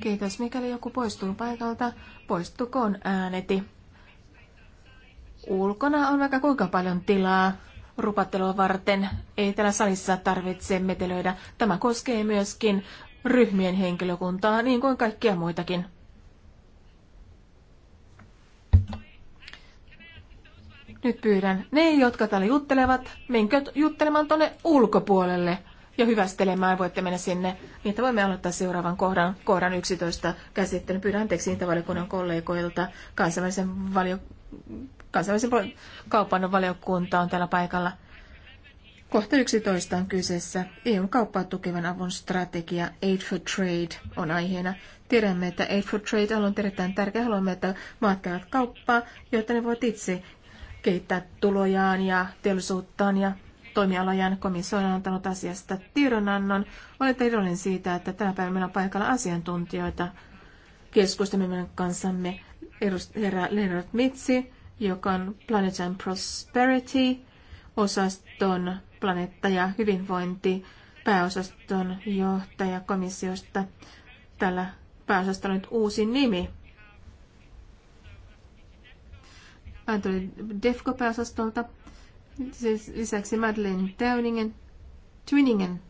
Kiitos. Mikäli joku poistuu paikalta, poistukoon ääneti. Ulkona on vaikka kuinka paljon tilaa rupattelua varten. Ei täällä salissa tarvitse metelöidä. Tämä koskee myöskin ryhmien henkilökuntaa, niin kuin kaikkia muitakin. Nyt pyydän ne, jotka täällä juttelevat, menkö juttelemaan tuonne ulkopuolelle ja hyvästelemään. Voitte mennä sinne, niin että voimme aloittaa seuraavan kohdan, kohdan 11 käsittelyn. Pyydän anteeksi niitä valiokunnan kollegoilta. Kansainvälisen, valio, kansainvälisen kaupan valiokunta on täällä paikalla. Kohta 11 on kyseessä. EUn kauppaa tukevan avun strategia Aid for Trade on aiheena. Tiedämme, että Aid for Trade on erittäin tärkeä. Haluamme, että maat käyvät kauppaa, jotta ne voivat itse kehittää tulojaan ja teollisuuttaan ja toimialojen Komissio on antanut asiasta tiedonannon. Olette iloinen siitä, että tänä päivänä meillä on paikalla asiantuntijoita meidän kanssamme herra Leonard Mitsi, joka on Planet and Prosperity osaston planeetta ja hyvinvointi pääosaston johtaja komissiosta. Tällä pääosastolla on nyt uusi nimi. Antoni Defko pääosastolta Siis lisäksi Madeleine Downingen, Twinningen.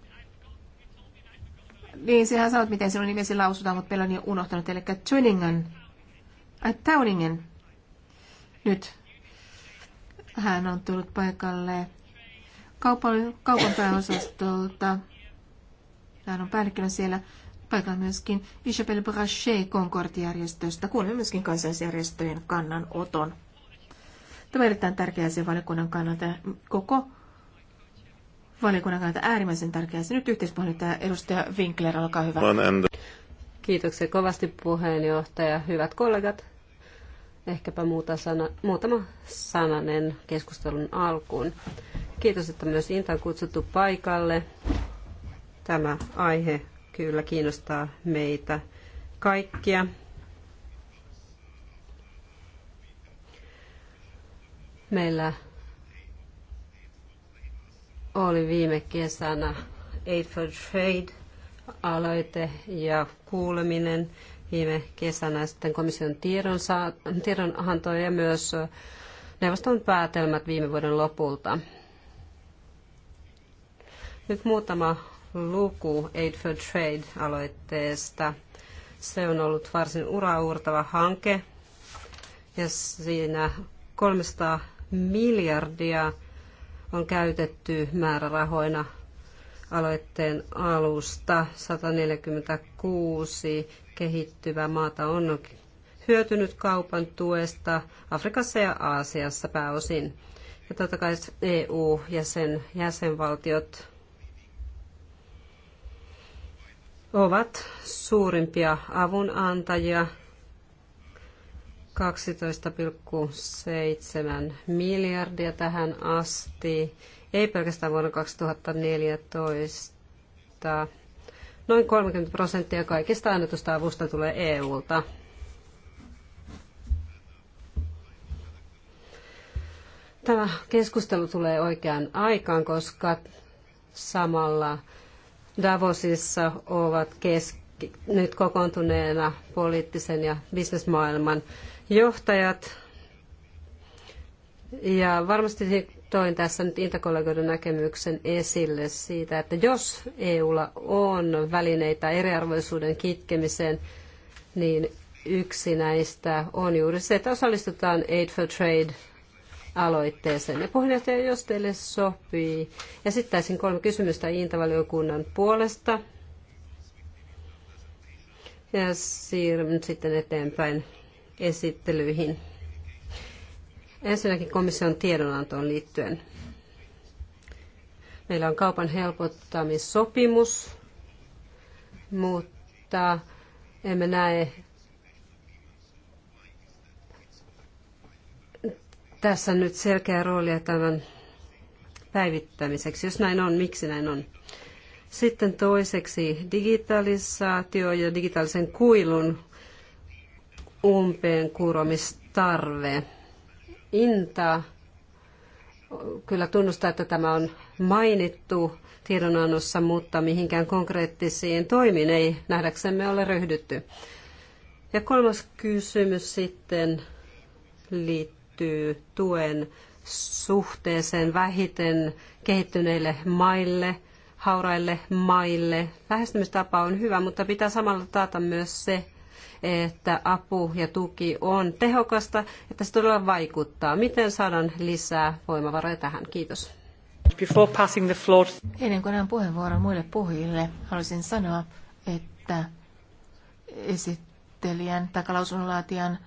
Niin, sinähän sanot, miten sinun nimesi lausutaan, mutta meillä on jo unohtanut, eli Twinningen. Ai, äh, Downingen. Nyt. Hän on tullut paikalle kaupan, kaupan pääosastolta. Hän on päällikkönä siellä paikalla myöskin Isabel Brachet Concord-järjestöstä. Kuulemme myöskin kansallisjärjestöjen kannanoton. Tämä on erittäin tärkeä asia valiokunnan kannalta ja koko valiokunnan kannalta äärimmäisen tärkeä asia. Nyt yhteispuheenjohtaja edustaja Winkler, olkaa hyvä. Kiitoksia kovasti puheenjohtaja. Hyvät kollegat, ehkäpä muuta sana, muutama sananen keskustelun alkuun. Kiitos, että myös Inta on kutsuttu paikalle. Tämä aihe kyllä kiinnostaa meitä kaikkia Meillä oli viime kesänä Aid for Trade aloite ja kuuleminen viime kesänä sitten komission tiedon ja myös neuvoston päätelmät viime vuoden lopulta. Nyt muutama luku Aid for Trade-aloitteesta. Se on ollut varsin uraurtava hanke ja siinä 300 miljardia on käytetty määrärahoina aloitteen alusta. 146 kehittyvää maata on hyötynyt kaupan tuesta Afrikassa ja Aasiassa pääosin. Ja totta kai EU ja sen jäsenvaltiot ovat suurimpia avunantajia – 12,7 miljardia tähän asti, ei pelkästään vuonna 2014. Noin 30 prosenttia kaikista annetusta avusta tulee EUlta. Tämä keskustelu tulee oikeaan aikaan, koska samalla Davosissa ovat keski, nyt kokoontuneena poliittisen ja bisnesmaailman johtajat. Ja varmasti toin tässä nyt kollegoiden näkemyksen esille siitä, että jos EUlla on välineitä eriarvoisuuden kitkemiseen, niin yksi näistä on juuri se, että osallistutaan Aid for Trade aloitteeseen. Ja puheenjohtaja, jos teille sopii, esittäisin kolme kysymystä Intavaliokunnan puolesta. Ja siirryn sitten eteenpäin esittelyihin. Ensinnäkin komission tiedonantoon liittyen. Meillä on kaupan helpottamissopimus, mutta emme näe tässä nyt selkeää roolia tämän päivittämiseksi. Jos näin on, miksi näin on? Sitten toiseksi digitalisaatio ja digitaalisen kuilun umpeen kuromistarve. Inta kyllä tunnustaa, että tämä on mainittu tiedonannossa, mutta mihinkään konkreettisiin toimiin ei nähdäksemme ole ryhdytty. Ja kolmas kysymys sitten liittyy tuen suhteeseen vähiten kehittyneille maille, hauraille maille. Lähestymistapa on hyvä, mutta pitää samalla taata myös se, että apu ja tuki on tehokasta, että se todella vaikuttaa. Miten saadaan lisää voimavaroja tähän? Kiitos. the floor. Ennen kuin annan puheenvuoron muille puhujille, haluaisin sanoa, että esittelijän takalausunnonlaatijan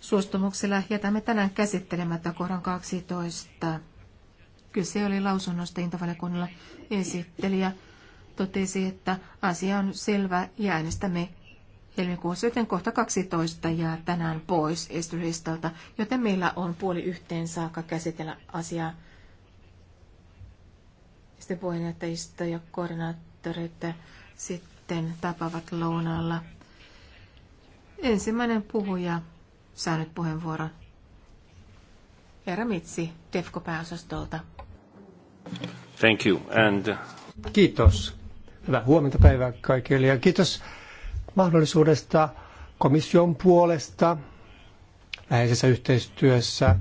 suostumuksella jätämme tänään käsittelemättä kohdan 12. Kyse oli lausunnosta intovaliokunnalla esittelijä totesi, että asia on selvä ja äänestämme helmikuussa, joten kohta 12 jää tänään pois esturistalta, joten meillä on puoli yhteen saakka käsitellä asiaa. Sitten puheenjohtajista ja koordinaattorit sitten tapaavat lounaalla. Ensimmäinen puhuja saa nyt puheenvuoron. Herra Mitsi, DEFCO-pääosastolta. Thank you and... Kiitos. Hyvää huomenta päivää kaikille ja kiitos mahdollisuudesta komission puolesta läheisessä yhteistyössä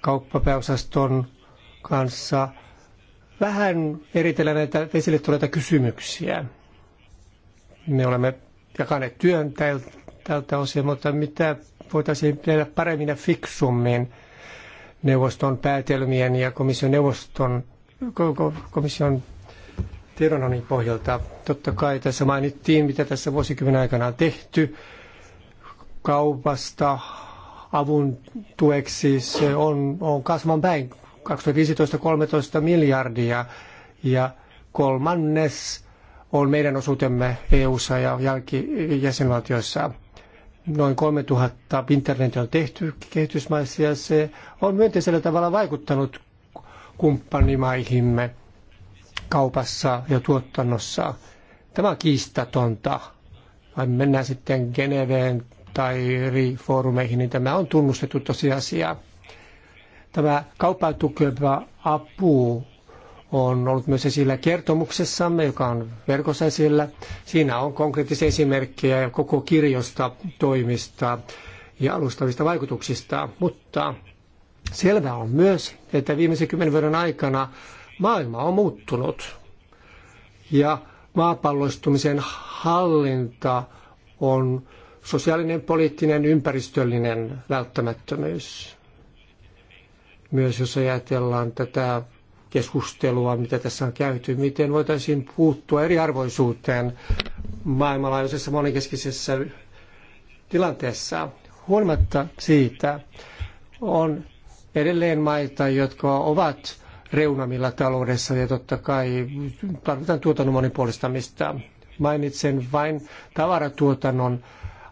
kauppapääosaston kanssa vähän eritellä näitä esille tulleita kysymyksiä. Me olemme jakaneet työn tältä osin, mutta mitä voitaisiin tehdä paremmin ja fiksummin neuvoston päätelmien ja komission neuvoston komission tiedonannin pohjalta. Totta kai tässä mainittiin, mitä tässä vuosikymmenen aikana on tehty kaupasta avun tueksi. Se on, on kasvan päin 2015-13 miljardia ja kolmannes on meidän osuutemme EU-ssa ja jälkijäsenvaltioissa. Noin 3000 internet on tehty kehitysmaissa ja se on myönteisellä tavalla vaikuttanut kumppanimaihimme – kaupassa ja tuotannossa. Tämä on kiistatonta. Vai mennään sitten Geneveen tai eri foorumeihin, niin tämä on tunnustettu tosiasia. Tämä kauppaa tukeva apu on ollut myös esillä kertomuksessamme, joka on verkossa esillä. Siinä on konkreettisia esimerkkejä koko kirjosta toimista ja alustavista vaikutuksista, mutta selvää on myös, että viimeisen kymmenen vuoden aikana Maailma on muuttunut ja maapalloistumisen hallinta on sosiaalinen, poliittinen, ympäristöllinen välttämättömyys. Myös jos ajatellaan tätä keskustelua, mitä tässä on käyty, miten voitaisiin puuttua eriarvoisuuteen maailmanlaajuisessa monikeskisessä tilanteessa. Huolimatta siitä on edelleen maita, jotka ovat reunamilla taloudessa ja totta kai tarvitaan tuotannon monipuolistamista. Mainitsen vain tavaratuotannon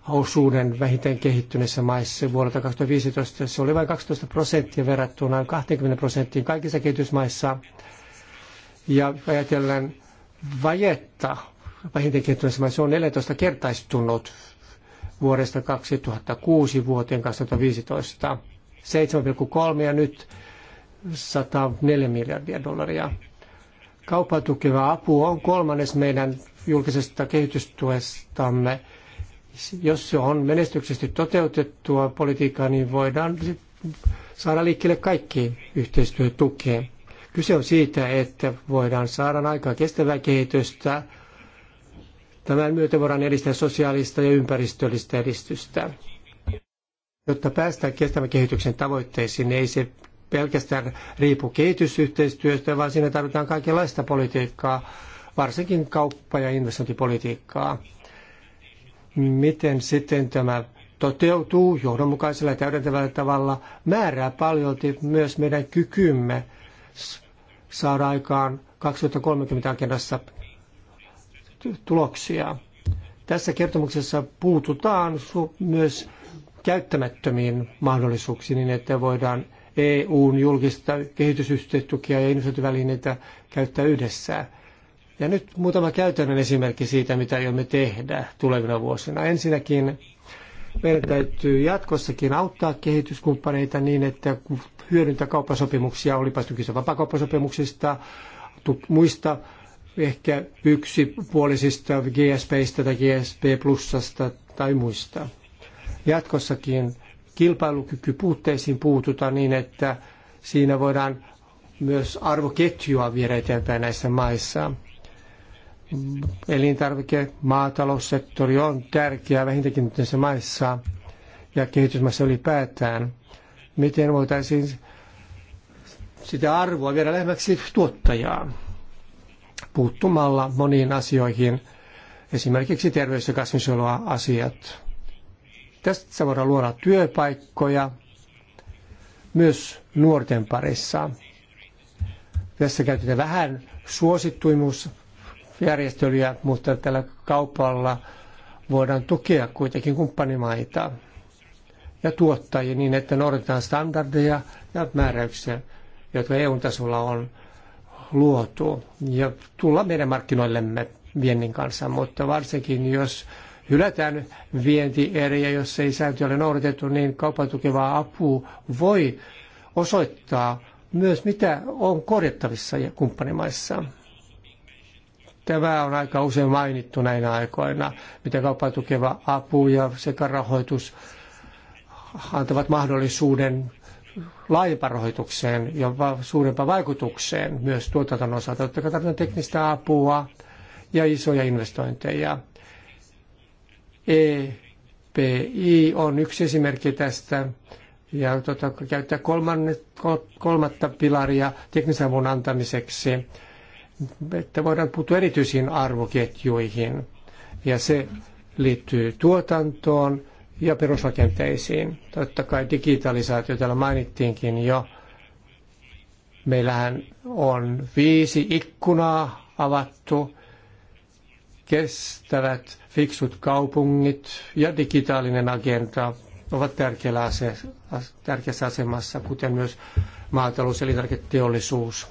osuuden vähiten kehittyneissä maissa vuodelta 2015. Se oli vain 12 prosenttia verrattuna 20 prosenttiin kaikissa kehitysmaissa. Ja ajatellen vajetta vähiten kehittyneissä maissa on 14 kertaistunut vuodesta 2006 vuoteen 2015. 7,3 ja nyt 104 miljardia dollaria. Kauppa tukeva apu on kolmannes meidän julkisesta kehitystuestamme. Jos se on menestyksesti toteutettua politiikkaa, niin voidaan saada liikkeelle kaikki yhteistyötukeen. Kyse on siitä, että voidaan saada aikaa kestävää kehitystä. Tämän myötä voidaan edistää sosiaalista ja ympäristöllistä edistystä. Jotta päästään kestävän kehityksen tavoitteisiin, niin ei se pelkästään riipu kehitysyhteistyöstä, vaan siinä tarvitaan kaikenlaista politiikkaa, varsinkin kauppa- ja investointipolitiikkaa. Miten sitten tämä toteutuu johdonmukaisella ja täydentävällä tavalla, määrää paljolti myös meidän kykymme saada aikaan 2030 agendassa tuloksia. Tässä kertomuksessa puututaan myös käyttämättömiin mahdollisuuksiin niin, että voidaan EUn julkista kehitysyhteistukia ja investointivälineitä käyttää yhdessä. Ja nyt muutama käytännön esimerkki siitä, mitä aiomme tehdä tulevina vuosina. Ensinnäkin meidän täytyy jatkossakin auttaa kehityskumppaneita niin, että hyödyntää kauppasopimuksia, olipa kyse vapakauppasopimuksista, muista ehkä yksipuolisista GSPistä tai GSP plussasta tai muista. Jatkossakin kilpailukykypuutteisiin puututa niin, että siinä voidaan myös arvoketjua viedä eteenpäin näissä maissa. Elintarvike, maataloussektori on tärkeä vähintäänkin näissä maissa ja kehitysmaissa ylipäätään. Miten voitaisiin sitä arvoa viedä lähemmäksi tuottajaa puuttumalla moniin asioihin, esimerkiksi terveys- ja kasvinsuojeluasiat. Tästä voidaan luoda työpaikkoja myös nuorten parissa. Tässä käytetään vähän suosittuimuusjärjestelyjä, mutta tällä kaupalla voidaan tukea kuitenkin kumppanimaita ja tuottajia niin, että noudatetaan standardeja ja määräyksiä, jotka EU-tasolla on luotu ja tulla meidän markkinoillemme viennin kanssa, mutta varsinkin jos hylätään vientieriä, jos ei sääntöjä ole noudatettu, niin kaupan apu voi osoittaa myös, mitä on korjattavissa ja kumppanimaissa. Tämä on aika usein mainittu näinä aikoina, mitä kaupan tukeva apu ja sekä rahoitus antavat mahdollisuuden laajempaan rahoitukseen ja suurempaan vaikutukseen myös tuotannon osalta. Totta kai tarvitaan teknistä apua ja isoja investointeja EPI on yksi esimerkki tästä. Ja tuota, käyttää kolmatta pilaria teknisen avun antamiseksi, että voidaan puuttua erityisiin arvoketjuihin. Ja se liittyy tuotantoon ja perusrakenteisiin. Totta kai digitalisaatio täällä mainittiinkin jo. Meillähän on viisi ikkunaa avattu, kestävät fiksut kaupungit ja digitaalinen agenda ovat tärkeässä asemassa, kuten myös maatalous- ja elintarviketeollisuus.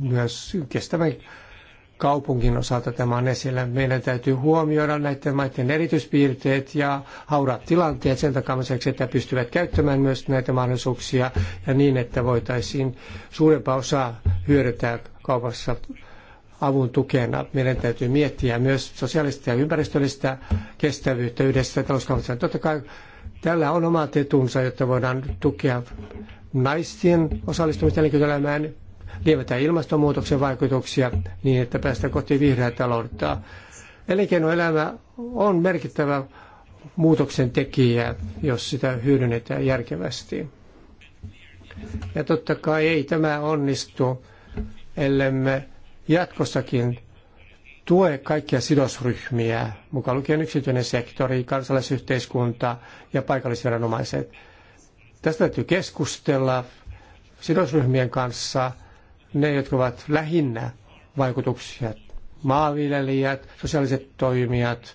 Myös kestävän kaupungin osalta tämä on esillä. Meidän täytyy huomioida näiden maiden erityispiirteet ja hauraat tilanteet sen takamiseksi, että pystyvät käyttämään myös näitä mahdollisuuksia ja niin, että voitaisiin suurempaa osaa hyödyntää kaupassa avun tukena. Meidän täytyy miettiä myös sosiaalista ja ympäristöllistä kestävyyttä yhdessä talouskaupunkaan. Totta kai tällä on omat etunsa, jotta voidaan tukea naisten osallistumista elinkeinoelämään, lieventää ilmastonmuutoksen vaikutuksia niin, että päästään kohti vihreää taloutta. Elinkeinoelämä on merkittävä muutoksen tekijä, jos sitä hyödynnetään järkevästi. Ja totta kai ei tämä onnistu, ellemme jatkossakin tue kaikkia sidosryhmiä, mukaan lukien yksityinen sektori, kansalaisyhteiskunta ja paikallisviranomaiset. Tästä täytyy keskustella sidosryhmien kanssa, ne, jotka ovat lähinnä vaikutuksia, maanviljelijät, sosiaaliset toimijat,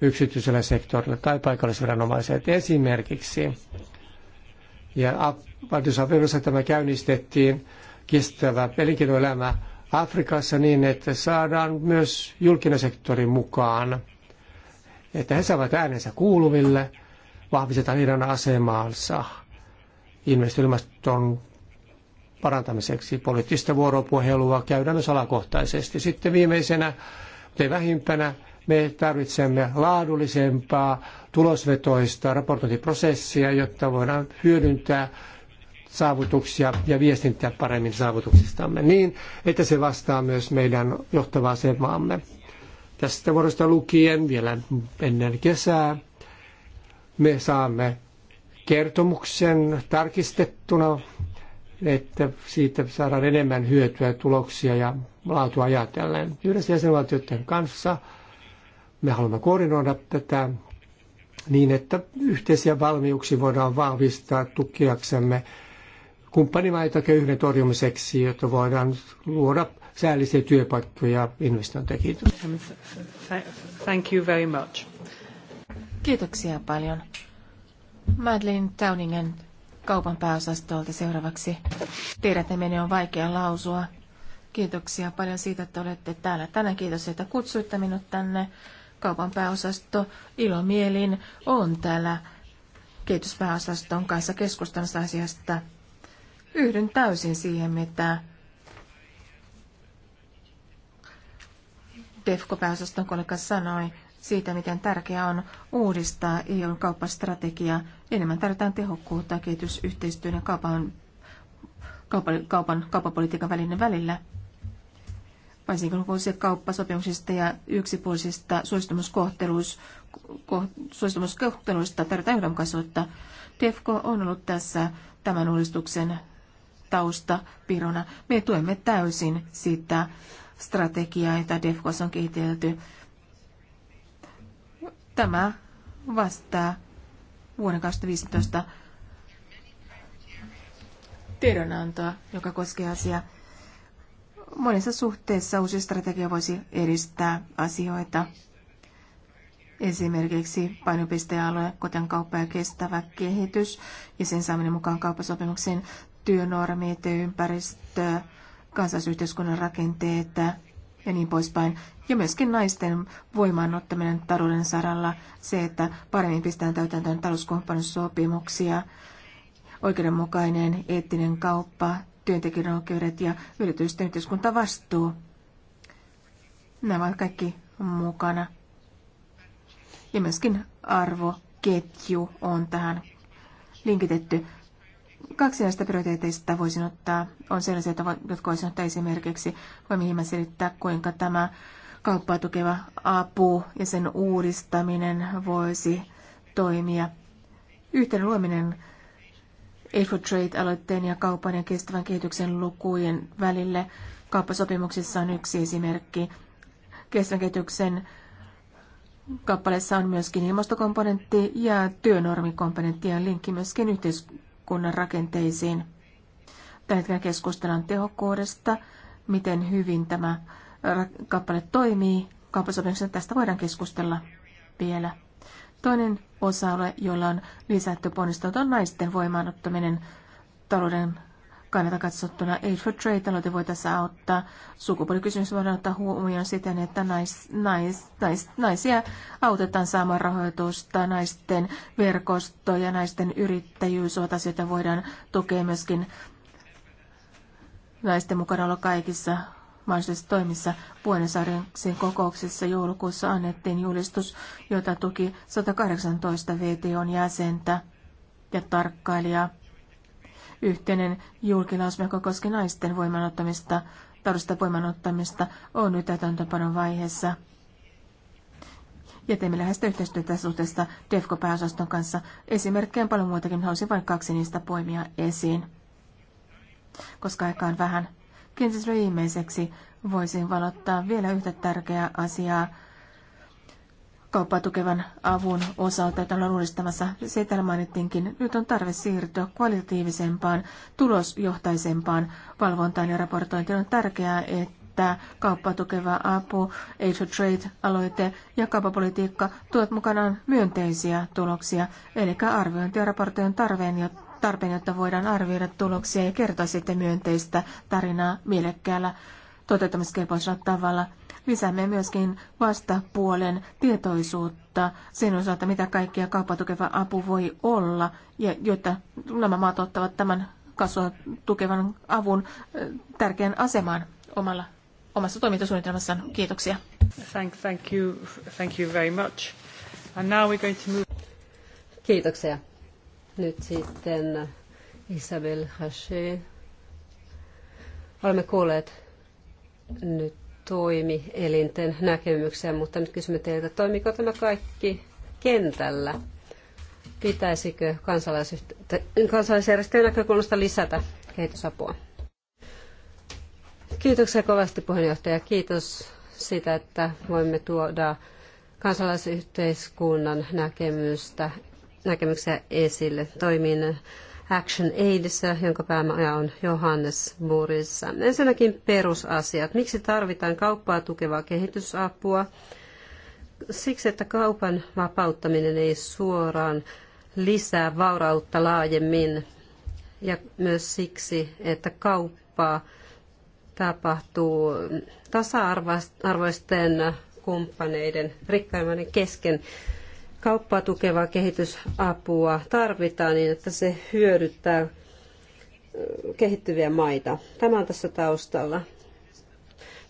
yksityisellä sektorilla tai paikallisviranomaiset esimerkiksi. Ja Addis tämä käynnistettiin kestävä elinkeinoelämä Afrikassa niin, että saadaan myös julkinen sektori mukaan, että he saavat äänensä kuuluville, vahvistetaan heidän asemaansa investoilmaston parantamiseksi, poliittista vuoropuhelua käydään myös alakohtaisesti. Sitten viimeisenä, mutta ei vähimpänä, me tarvitsemme laadullisempaa, tulosvetoista raportointiprosessia, jotta voidaan hyödyntää saavutuksia ja viestintää paremmin saavutuksistamme niin, että se vastaa myös meidän johtavaa asemaamme. Tästä vuodesta lukien vielä ennen kesää me saamme kertomuksen tarkistettuna, että siitä saadaan enemmän hyötyä, tuloksia ja laatua ajatellen. Yhdessä jäsenvaltioiden kanssa me haluamme koordinoida tätä niin, että yhteisiä valmiuksia voidaan vahvistaa tukiaksemme kumppanimaita köyhyyden torjumiseksi, jotta voidaan luoda säällisiä työpaikkoja ja investointeja. Thank you very much. Kiitoksia paljon. Madeleine Towningen kaupan pääosastolta seuraavaksi. Tiedät, että on vaikea lausua. Kiitoksia paljon siitä, että olette täällä tänään. Kiitos, että kutsuitte minut tänne. Kaupan pääosasto ilomielin on täällä kehityspääosaston kanssa keskustelusta asiasta. Yhdyn täysin siihen, mitä DEFCO-pääosaston kollega sanoi siitä, miten tärkeää on uudistaa EUn kauppastrategiaa. Enemmän tarvitaan tehokkuutta kehitysyhteistyön ja kaupan, kaupan, kaupan, kauppapolitiikan välinen välillä. Varsinkin kun se kauppasopimuksista ja yksipuolisista suostumuskohteluista tarvitaan yhdenmukaisuutta. DEFCO on ollut tässä tämän uudistuksen tausta taustapirona. Me tuemme täysin sitä strategiaa, jota DEFCOS on kehitelty. Tämä vastaa vuoden 2015 tiedonantoa, joka koskee asiaa. Monessa suhteessa uusi strategia voisi edistää asioita. Esimerkiksi painopistealue, kuten kauppa ja kestävä kehitys ja sen saaminen mukaan kauppasopimuksiin työnormit, ympäristö, kansallisyhteiskunnan rakenteet ja niin poispäin. Ja myöskin naisten voimaanottaminen talouden saralla, se, että paremmin pistetään täytäntöön talouskumppanussopimuksia, oikeudenmukainen eettinen kauppa, työntekijän oikeudet ja yritysten yhteiskuntavastuu. Nämä ovat kaikki mukana. Ja myöskin arvoketju on tähän linkitetty. Kaksi näistä prioriteeteista voisin ottaa, on sellaisia, jotka voisin ottaa esimerkiksi, voi mihin mä selittää, kuinka tämä kauppaa tukeva apu ja sen uudistaminen voisi toimia. Yhteen luominen aid trade aloitteen ja kaupan ja kestävän kehityksen lukujen välille kauppasopimuksissa on yksi esimerkki. Kestävän kehityksen kappaleessa on myöskin ilmastokomponentti ja työnormikomponentti ja linkki myöskin yhteiskunnan kunnan rakenteisiin. Tällä hetkellä keskustellaan tehokkuudesta, miten hyvin tämä äh, kappale toimii. Kauppasopimuksessa tästä voidaan keskustella vielä. Toinen osa-alue, jolla on lisätty ponnistelut, on naisten voimaanottaminen talouden kannalta katsottuna Aid for Trade-aloite voi tässä auttaa. Sukupuolikysymys voidaan ottaa huomioon siten, että nais, nais, nais, naisia autetaan saamaan rahoitusta, naisten verkosto ja naisten yrittäjyys ovat asioita, voidaan tukea myöskin naisten mukana olla kaikissa mahdollisissa toimissa Buenos Airesin kokouksessa joulukuussa annettiin julistus, jota tuki 118 VTOn jäsentä ja tarkkailijaa yhteinen julkilausme, joka koski naisten voimanottamista, taudista voimanottamista, on nyt täytäntöpanon vaiheessa. Ja teemme läheistä yhteistyötä suhteessa DEFCO-pääosaston kanssa. Esimerkkejä on paljon muutakin, haluaisin vain kaksi niistä poimia esiin. Koska aika on vähän. Kenties viimeiseksi voisin valottaa vielä yhtä tärkeää asiaa, kauppaa tukevan avun osalta, jota ollaan uudistamassa, se täällä mainittiinkin, nyt on tarve siirtyä kvalitatiivisempaan, tulosjohtaisempaan valvontaan ja raportointiin. On tärkeää, että kauppaa tukeva apu, Aid for Trade-aloite ja kauppapolitiikka tuovat mukanaan myönteisiä tuloksia, eli arviointi ja raportoinnin tarpeen, tarpeen, jotta voidaan arvioida tuloksia ja kertoa sitten myönteistä tarinaa mielekkäällä toteuttamiskelpoisella tavalla – Lisäämme myöskin vastapuolen tietoisuutta sen osalta, mitä kaikkea kauppatukeva apu voi olla, ja jotta nämä maat ottavat tämän kasvua tukevan avun tärkeän asemaan omalla, omassa toimintasuunnitelmassaan. Kiitoksia. Thank, thank you, thank you very much. And now we're going to move... Kiitoksia. Nyt sitten Isabel Haché. Olemme kuulleet nyt toimielinten näkemykseen, mutta nyt kysymme teiltä, toimiko tämä kaikki kentällä? Pitäisikö kansalaisjärjestöjen näkökulmasta lisätä kehitysapua? Kiitoksia kovasti puheenjohtaja. Kiitos siitä, että voimme tuoda kansalaisyhteiskunnan näkemystä, näkemyksiä esille. Toimin Action Aidissä, jonka päämaja on Johannesburgissa. Ensinnäkin perusasiat. Miksi tarvitaan kauppaa tukevaa kehitysapua? Siksi, että kaupan vapauttaminen ei suoraan lisää vaurautta laajemmin. Ja myös siksi, että kauppaa tapahtuu tasa-arvoisten kumppaneiden rikkaimman kesken kauppaa tukevaa kehitysapua tarvitaan niin, että se hyödyttää kehittyviä maita. Tämä on tässä taustalla.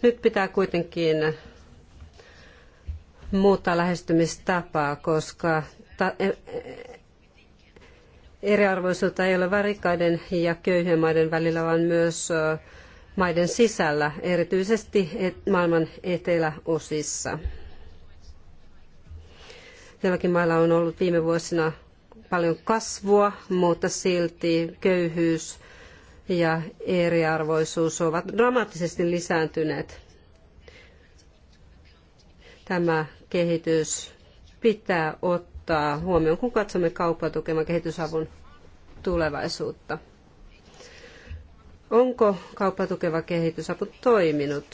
Nyt pitää kuitenkin muuttaa lähestymistapaa, koska e, e, eriarvoisuutta ei ole varikaiden ja köyhien maiden välillä, vaan myös maiden sisällä, erityisesti maailman eteläosissa. Joillakin mailla on ollut viime vuosina paljon kasvua, mutta silti köyhyys ja eriarvoisuus ovat dramaattisesti lisääntyneet. Tämä kehitys pitää ottaa huomioon, kun katsomme kauppaa tukemaan kehitysavun tulevaisuutta. Onko kauppaa tukeva kehitysapu toiminut?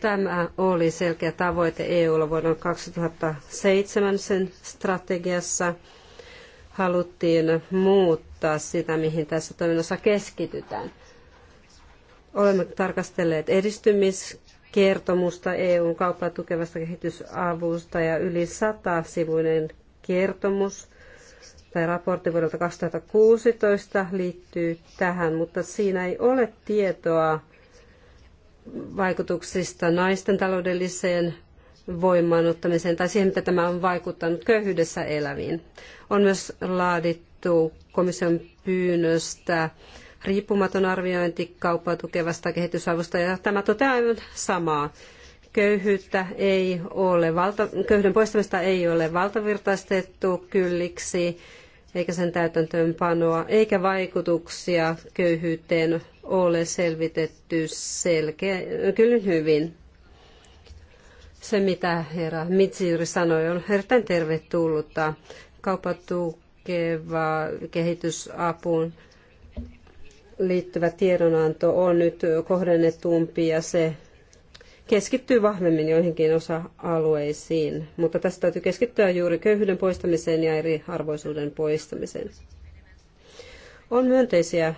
Tämä oli selkeä tavoite EUlla vuonna 2007 sen strategiassa. Haluttiin muuttaa sitä, mihin tässä toiminnassa keskitytään. Olemme tarkastelleet edistymiskertomusta EUn kauppaa tukevasta kehitysavusta ja yli 100-sivuinen kertomus tai raportti vuodelta 2016 liittyy tähän, mutta siinä ei ole tietoa vaikutuksista naisten taloudelliseen voimaanottamiseen tai siihen, mitä tämä on vaikuttanut köyhyydessä eläviin. On myös laadittu komission pyynnöstä riippumaton arviointi kauppaa tukevasta kehitysavusta ja tämä toteaa aivan samaa. Köyhyyttä ei ole, valta, köyhyyden poistamista ei ole valtavirtaistettu kylliksi, eikä sen täytäntöönpanoa, eikä vaikutuksia köyhyyteen ole selvitetty selkeä, kyllä hyvin. Se, mitä herra Mitsiuri sanoi, on erittäin tervetullutta. Kaupatukeva kehitysapuun liittyvä tiedonanto on nyt kohdennetumpi ja se keskittyy vahvemmin joihinkin osa-alueisiin, mutta tästä täytyy keskittyä juuri köyhyyden poistamiseen ja eriarvoisuuden poistamiseen. On myönteisiä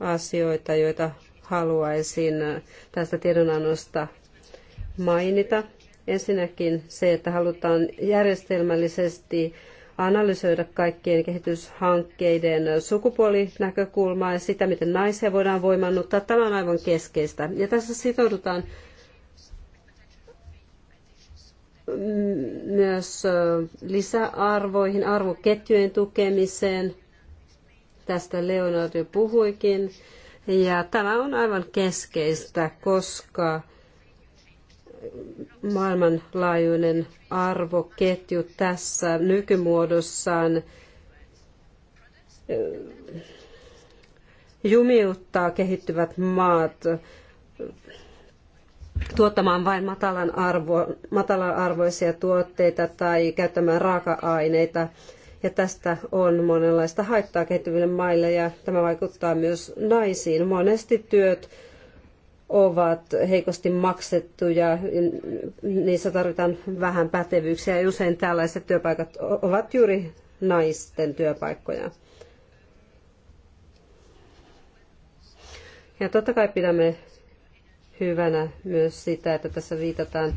asioita, joita haluaisin tästä tiedonannosta mainita. Ensinnäkin se, että halutaan järjestelmällisesti analysoida kaikkien kehityshankkeiden sukupuolinäkökulmaa ja sitä, miten naisia voidaan voimannuttaa. Tämä on aivan keskeistä. Ja tässä sitoudutaan myös lisäarvoihin, arvoketjujen tukemiseen – Tästä Leonard jo puhuikin. Ja tämä on aivan keskeistä, koska maailmanlaajuinen arvoketju tässä nykymuodossaan eh, jumiuttaa kehittyvät maat tuottamaan vain matalan arvo, matalan arvoisia tuotteita tai käyttämään raaka-aineita ja tästä on monenlaista haittaa kehittyville maille ja tämä vaikuttaa myös naisiin. Monesti työt ovat heikosti maksettuja, niissä tarvitaan vähän pätevyyksiä ja usein tällaiset työpaikat ovat juuri naisten työpaikkoja. Ja totta kai pidämme hyvänä myös sitä, että tässä viitataan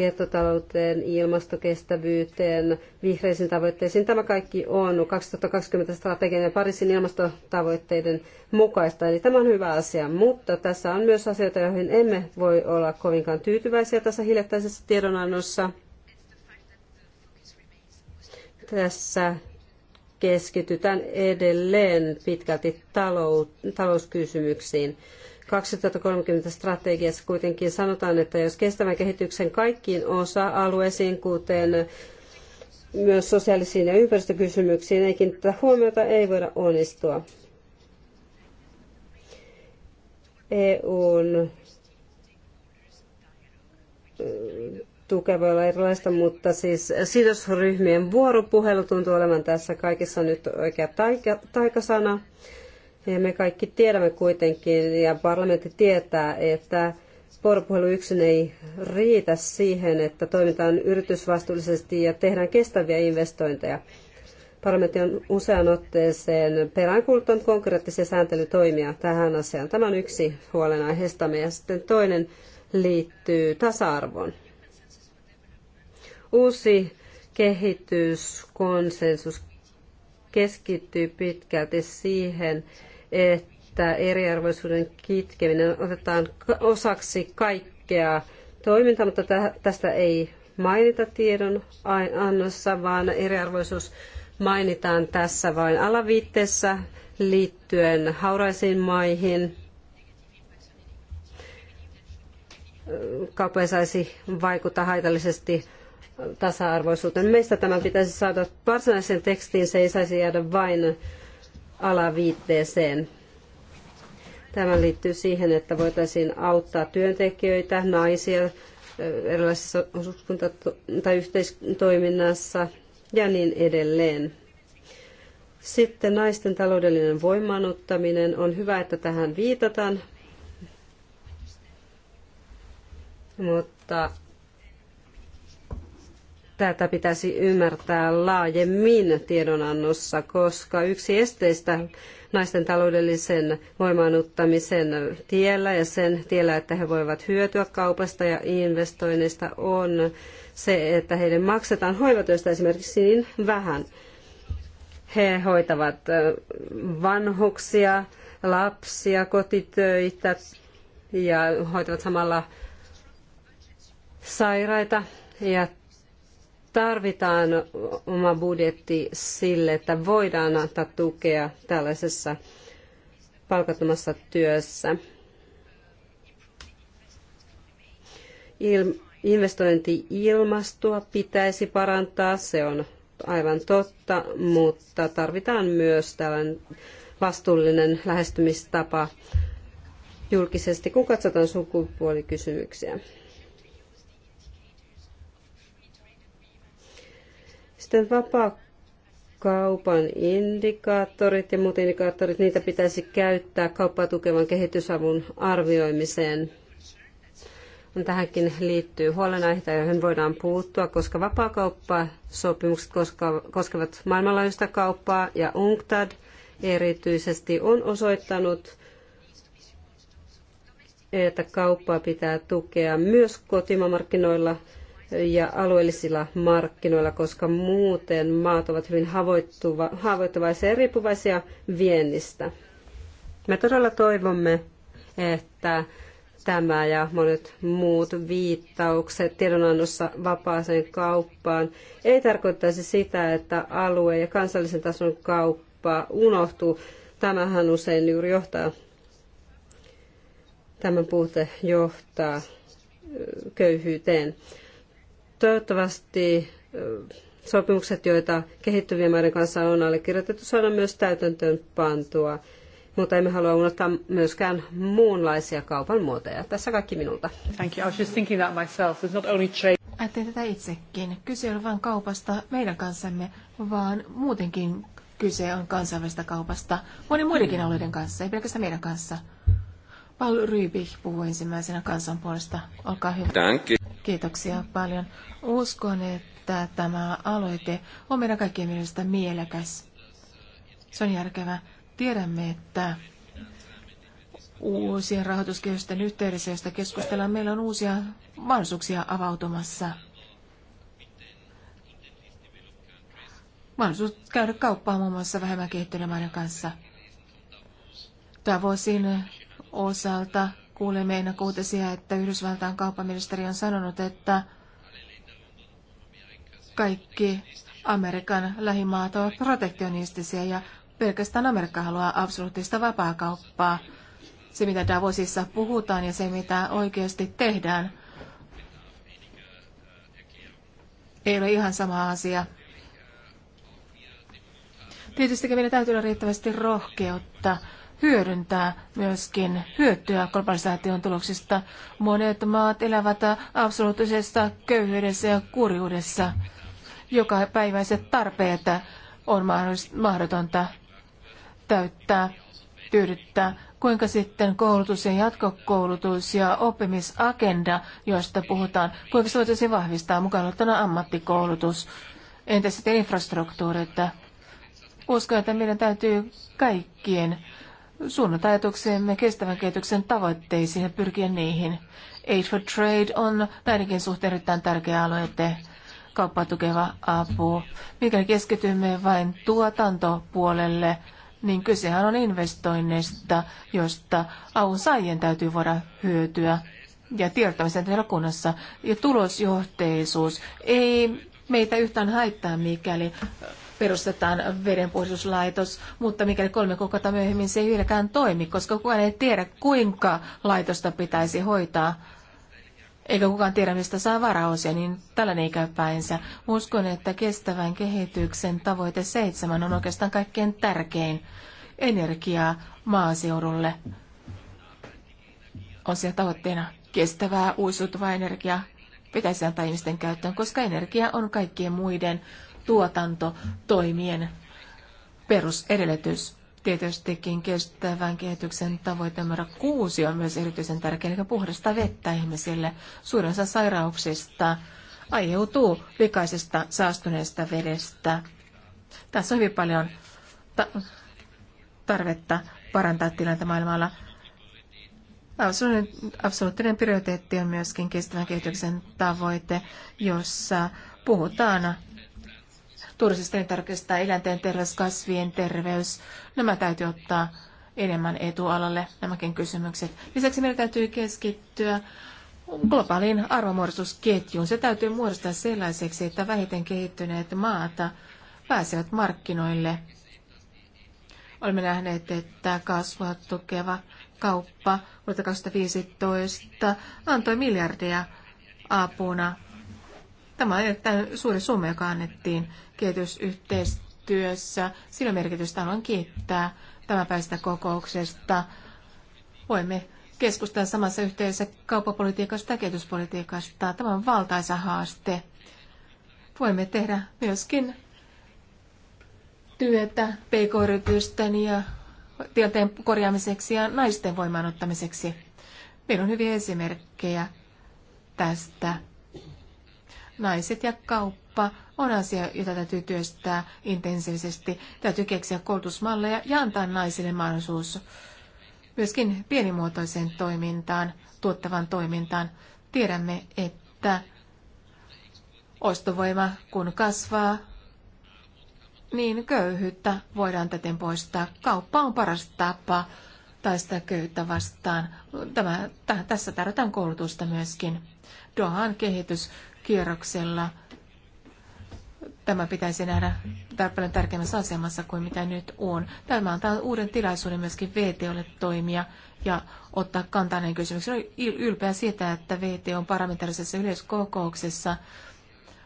kiertotalouteen, ilmastokestävyyteen, vihreisiin tavoitteisiin. Tämä kaikki on 2020 strategian ja Pariisin ilmastotavoitteiden mukaista. Eli tämä on hyvä asia, mutta tässä on myös asioita, joihin emme voi olla kovinkaan tyytyväisiä tässä hiljattaisessa tiedonannossa. Tässä keskitytään edelleen pitkälti talouskysymyksiin. 2030 strategiassa kuitenkin sanotaan, että jos kestävän kehityksen kaikkiin osa-alueisiin, kuten myös sosiaalisiin ja ympäristökysymyksiin, ei kiinnitetä huomiota, ei voida onnistua. EUn äh, tukea voi olla erilaista, mutta siis sidosryhmien vuoropuhelu tuntuu olevan tässä kaikessa nyt oikea taikasana. Ja me kaikki tiedämme kuitenkin, ja parlamentti tietää, että vuoropuhelu yksin ei riitä siihen, että toimitaan yritysvastuullisesti ja tehdään kestäviä investointeja. Parlamentti on usean otteeseen peräänkuuluttanut konkreettisia sääntelytoimia tähän asiaan. Tämä on yksi huolenaiheistamme. Ja sitten toinen liittyy tasa-arvoon. Uusi kehityskonsensus keskittyy pitkälti siihen, että eriarvoisuuden kitkeminen otetaan osaksi kaikkea toimintaa, mutta tästä ei mainita tiedon annossa, vaan eriarvoisuus mainitaan tässä vain alaviitteessä liittyen hauraisiin maihin. Kauppa ei saisi vaikuttaa haitallisesti tasa-arvoisuuteen. Meistä tämä pitäisi saada varsinaiseen tekstiin, se ei saisi jäädä vain alaviitteeseen. Tämä liittyy siihen, että voitaisiin auttaa työntekijöitä, naisia erilaisessa osuuskunta- tai yhteistoiminnassa ja niin edelleen. Sitten naisten taloudellinen voimaanottaminen. On hyvä, että tähän viitataan, mutta tätä pitäisi ymmärtää laajemmin tiedonannossa, koska yksi esteistä naisten taloudellisen voimaannuttamisen tiellä ja sen tiellä, että he voivat hyötyä kaupasta ja investoinneista on se, että heille maksetaan hoivatyöstä esimerkiksi niin vähän. He hoitavat vanhuksia, lapsia, kotitöitä ja hoitavat samalla sairaita ja tarvitaan oma budjetti sille, että voidaan antaa tukea tällaisessa palkattomassa työssä. Il- investointi-ilmastoa pitäisi parantaa, se on aivan totta, mutta tarvitaan myös tällainen vastuullinen lähestymistapa julkisesti, kun katsotaan sukupuolikysymyksiä. Sitten vapaakaupan indikaattorit ja muut indikaattorit, niitä pitäisi käyttää kauppaa tukevan kehitysavun arvioimiseen. Tähänkin liittyy huolenaiheita, joihin voidaan puuttua, koska vapaakauppasopimukset koskevat maailmanlaajuista kauppaa ja UNCTAD erityisesti on osoittanut, että kauppaa pitää tukea myös kotimamarkkinoilla ja alueellisilla markkinoilla, koska muuten maat ovat hyvin haavoittuva, haavoittuvaisia ja riippuvaisia viennistä. Me todella toivomme, että tämä ja monet muut viittaukset tiedonannossa vapaaseen kauppaan ei tarkoittaisi sitä, että alue- ja kansallisen tason kauppa unohtuu. Tämähän usein juuri johtaa, tämän puute johtaa köyhyyteen. Toivottavasti sopimukset, joita kehittyvien maiden kanssa on allekirjoitettu, saadaan myös täytäntöön pantua. Mutta emme halua unohtaa myöskään muunlaisia kaupan muotoja. Tässä kaikki minulta. Thank you. I was just thinking that myself. It's not only trade. Ajattelin tätä itsekin. Kyse ei ole vain kaupasta meidän kanssamme, vaan muutenkin kyse on kansainvälistä kaupasta monen muidenkin alueiden kanssa, ei pelkästään meidän kanssa. Paul Ryby puhuu ensimmäisenä kansan puolesta. Olkaa hyvä. Danke. Kiitoksia paljon. Uskon, että tämä aloite on meidän kaikkien mielestä mielekäs. Se on järkevä. Tiedämme, että uusien rahoituskehysten yhteydessä, josta keskustellaan, meillä on uusia mahdollisuuksia avautumassa. Mahdollisuus käydä kauppaa muun muassa vähemmän kehittyneiden maiden kanssa. Tavoisin osalta kuulemme ennakuutisia, että Yhdysvaltain kauppaministeri on sanonut, että kaikki Amerikan lähimaat ovat protektionistisia ja pelkästään Amerikka haluaa absoluuttista vapaakauppaa. Se, mitä Davosissa puhutaan ja se, mitä oikeasti tehdään, ei ole ihan sama asia. Tietysti meidän täytyy olla riittävästi rohkeutta hyödyntää myöskin hyötyä globalisaation tuloksista. Monet maat elävät absoluuttisessa köyhyydessä ja kurjuudessa. Joka päiväiset tarpeet on mahdotonta täyttää, tyydyttää. Kuinka sitten koulutus ja jatkokoulutus ja oppimisagenda, josta puhutaan, kuinka se voitaisiin vahvistaa mukaan ottana ammattikoulutus? Entä sitten infrastruktuurit? Uskon, että meidän täytyy kaikkien suunnata ajatuksemme kestävän kehityksen tavoitteisiin ja pyrkiä niihin. Aid for Trade on näidenkin suhteen erittäin tärkeä aloite, kauppaa tukeva apu. Mikäli keskitymme vain tuotantopuolelle, niin kysehän on investoinneista, josta avun saajien täytyy voida hyötyä ja tiedottamisen kunnassa. Ja tulosjohteisuus ei meitä yhtään haittaa, mikäli perustetaan vedenpuhdistuslaitos, mutta mikäli kolme kuukautta myöhemmin se ei vieläkään toimi, koska kukaan ei tiedä, kuinka laitosta pitäisi hoitaa, eikä kukaan tiedä, mistä saa varaosia, niin tällainen ei käy päinsä. Uskon, että kestävän kehityksen tavoite seitsemän on oikeastaan kaikkein tärkein energiaa maaseudulle. On siellä tavoitteena kestävää uusiutuvaa energiaa pitäisi antaa ihmisten käyttöön, koska energia on kaikkien muiden tuotantotoimien perusedellytys. Tietystikin kestävän kehityksen tavoite numero kuusi on myös erityisen tärkeä, eli puhdasta vettä ihmisille. Suurin osa sairauksista aiheutuu likaisesta saastuneesta vedestä. Tässä on hyvin paljon ta- tarvetta parantaa tilannetta maailmalla. Absoluuttinen prioriteetti on myöskin kestävän kehityksen tavoite, jossa puhutaan turististen tarkistaa eläinten terveys, kasvien terveys. Nämä täytyy ottaa enemmän etualalle, nämäkin kysymykset. Lisäksi meidän täytyy keskittyä globaaliin arvomuodostusketjuun. Se täytyy muodostaa sellaiseksi, että vähiten kehittyneet maat pääsevät markkinoille. Olemme nähneet, että kasvua tukeva kauppa vuotta 2015 antoi miljardeja apuna Tämä on erittäin suuri summa, joka annettiin kehitysyhteistyössä. Sillä merkitystä haluan kiittää tämänpäiväistä kokouksesta. Voimme keskustella samassa yhteydessä kauppapolitiikasta ja kehityspolitiikasta. Tämä on valtaisa haaste. Voimme tehdä myöskin työtä pk-yritysten ja tilanteen korjaamiseksi ja naisten voimaanottamiseksi. Meillä on hyviä esimerkkejä tästä. Naiset ja kauppa on asia, jota täytyy työstää intensiivisesti. Täytyy keksiä koulutusmalleja ja antaa naisille mahdollisuus myöskin pienimuotoiseen toimintaan, tuottavan toimintaan. Tiedämme, että ostovoima kun kasvaa, niin köyhyyttä voidaan täten poistaa. Kauppa on paras tapa taistaa köyhyyttä vastaan. Tämä, t- tässä tarvitaan koulutusta myöskin. Dohan kehitys kierroksella. Tämä pitäisi nähdä paljon tärkeimmässä asemassa kuin mitä nyt on. Tämä antaa uuden tilaisuuden myöskin VTOlle toimia ja ottaa kantaa näihin kysymyksiin. Olen ylpeä siitä, että VT on parlamentaarisessa yleiskokouksessa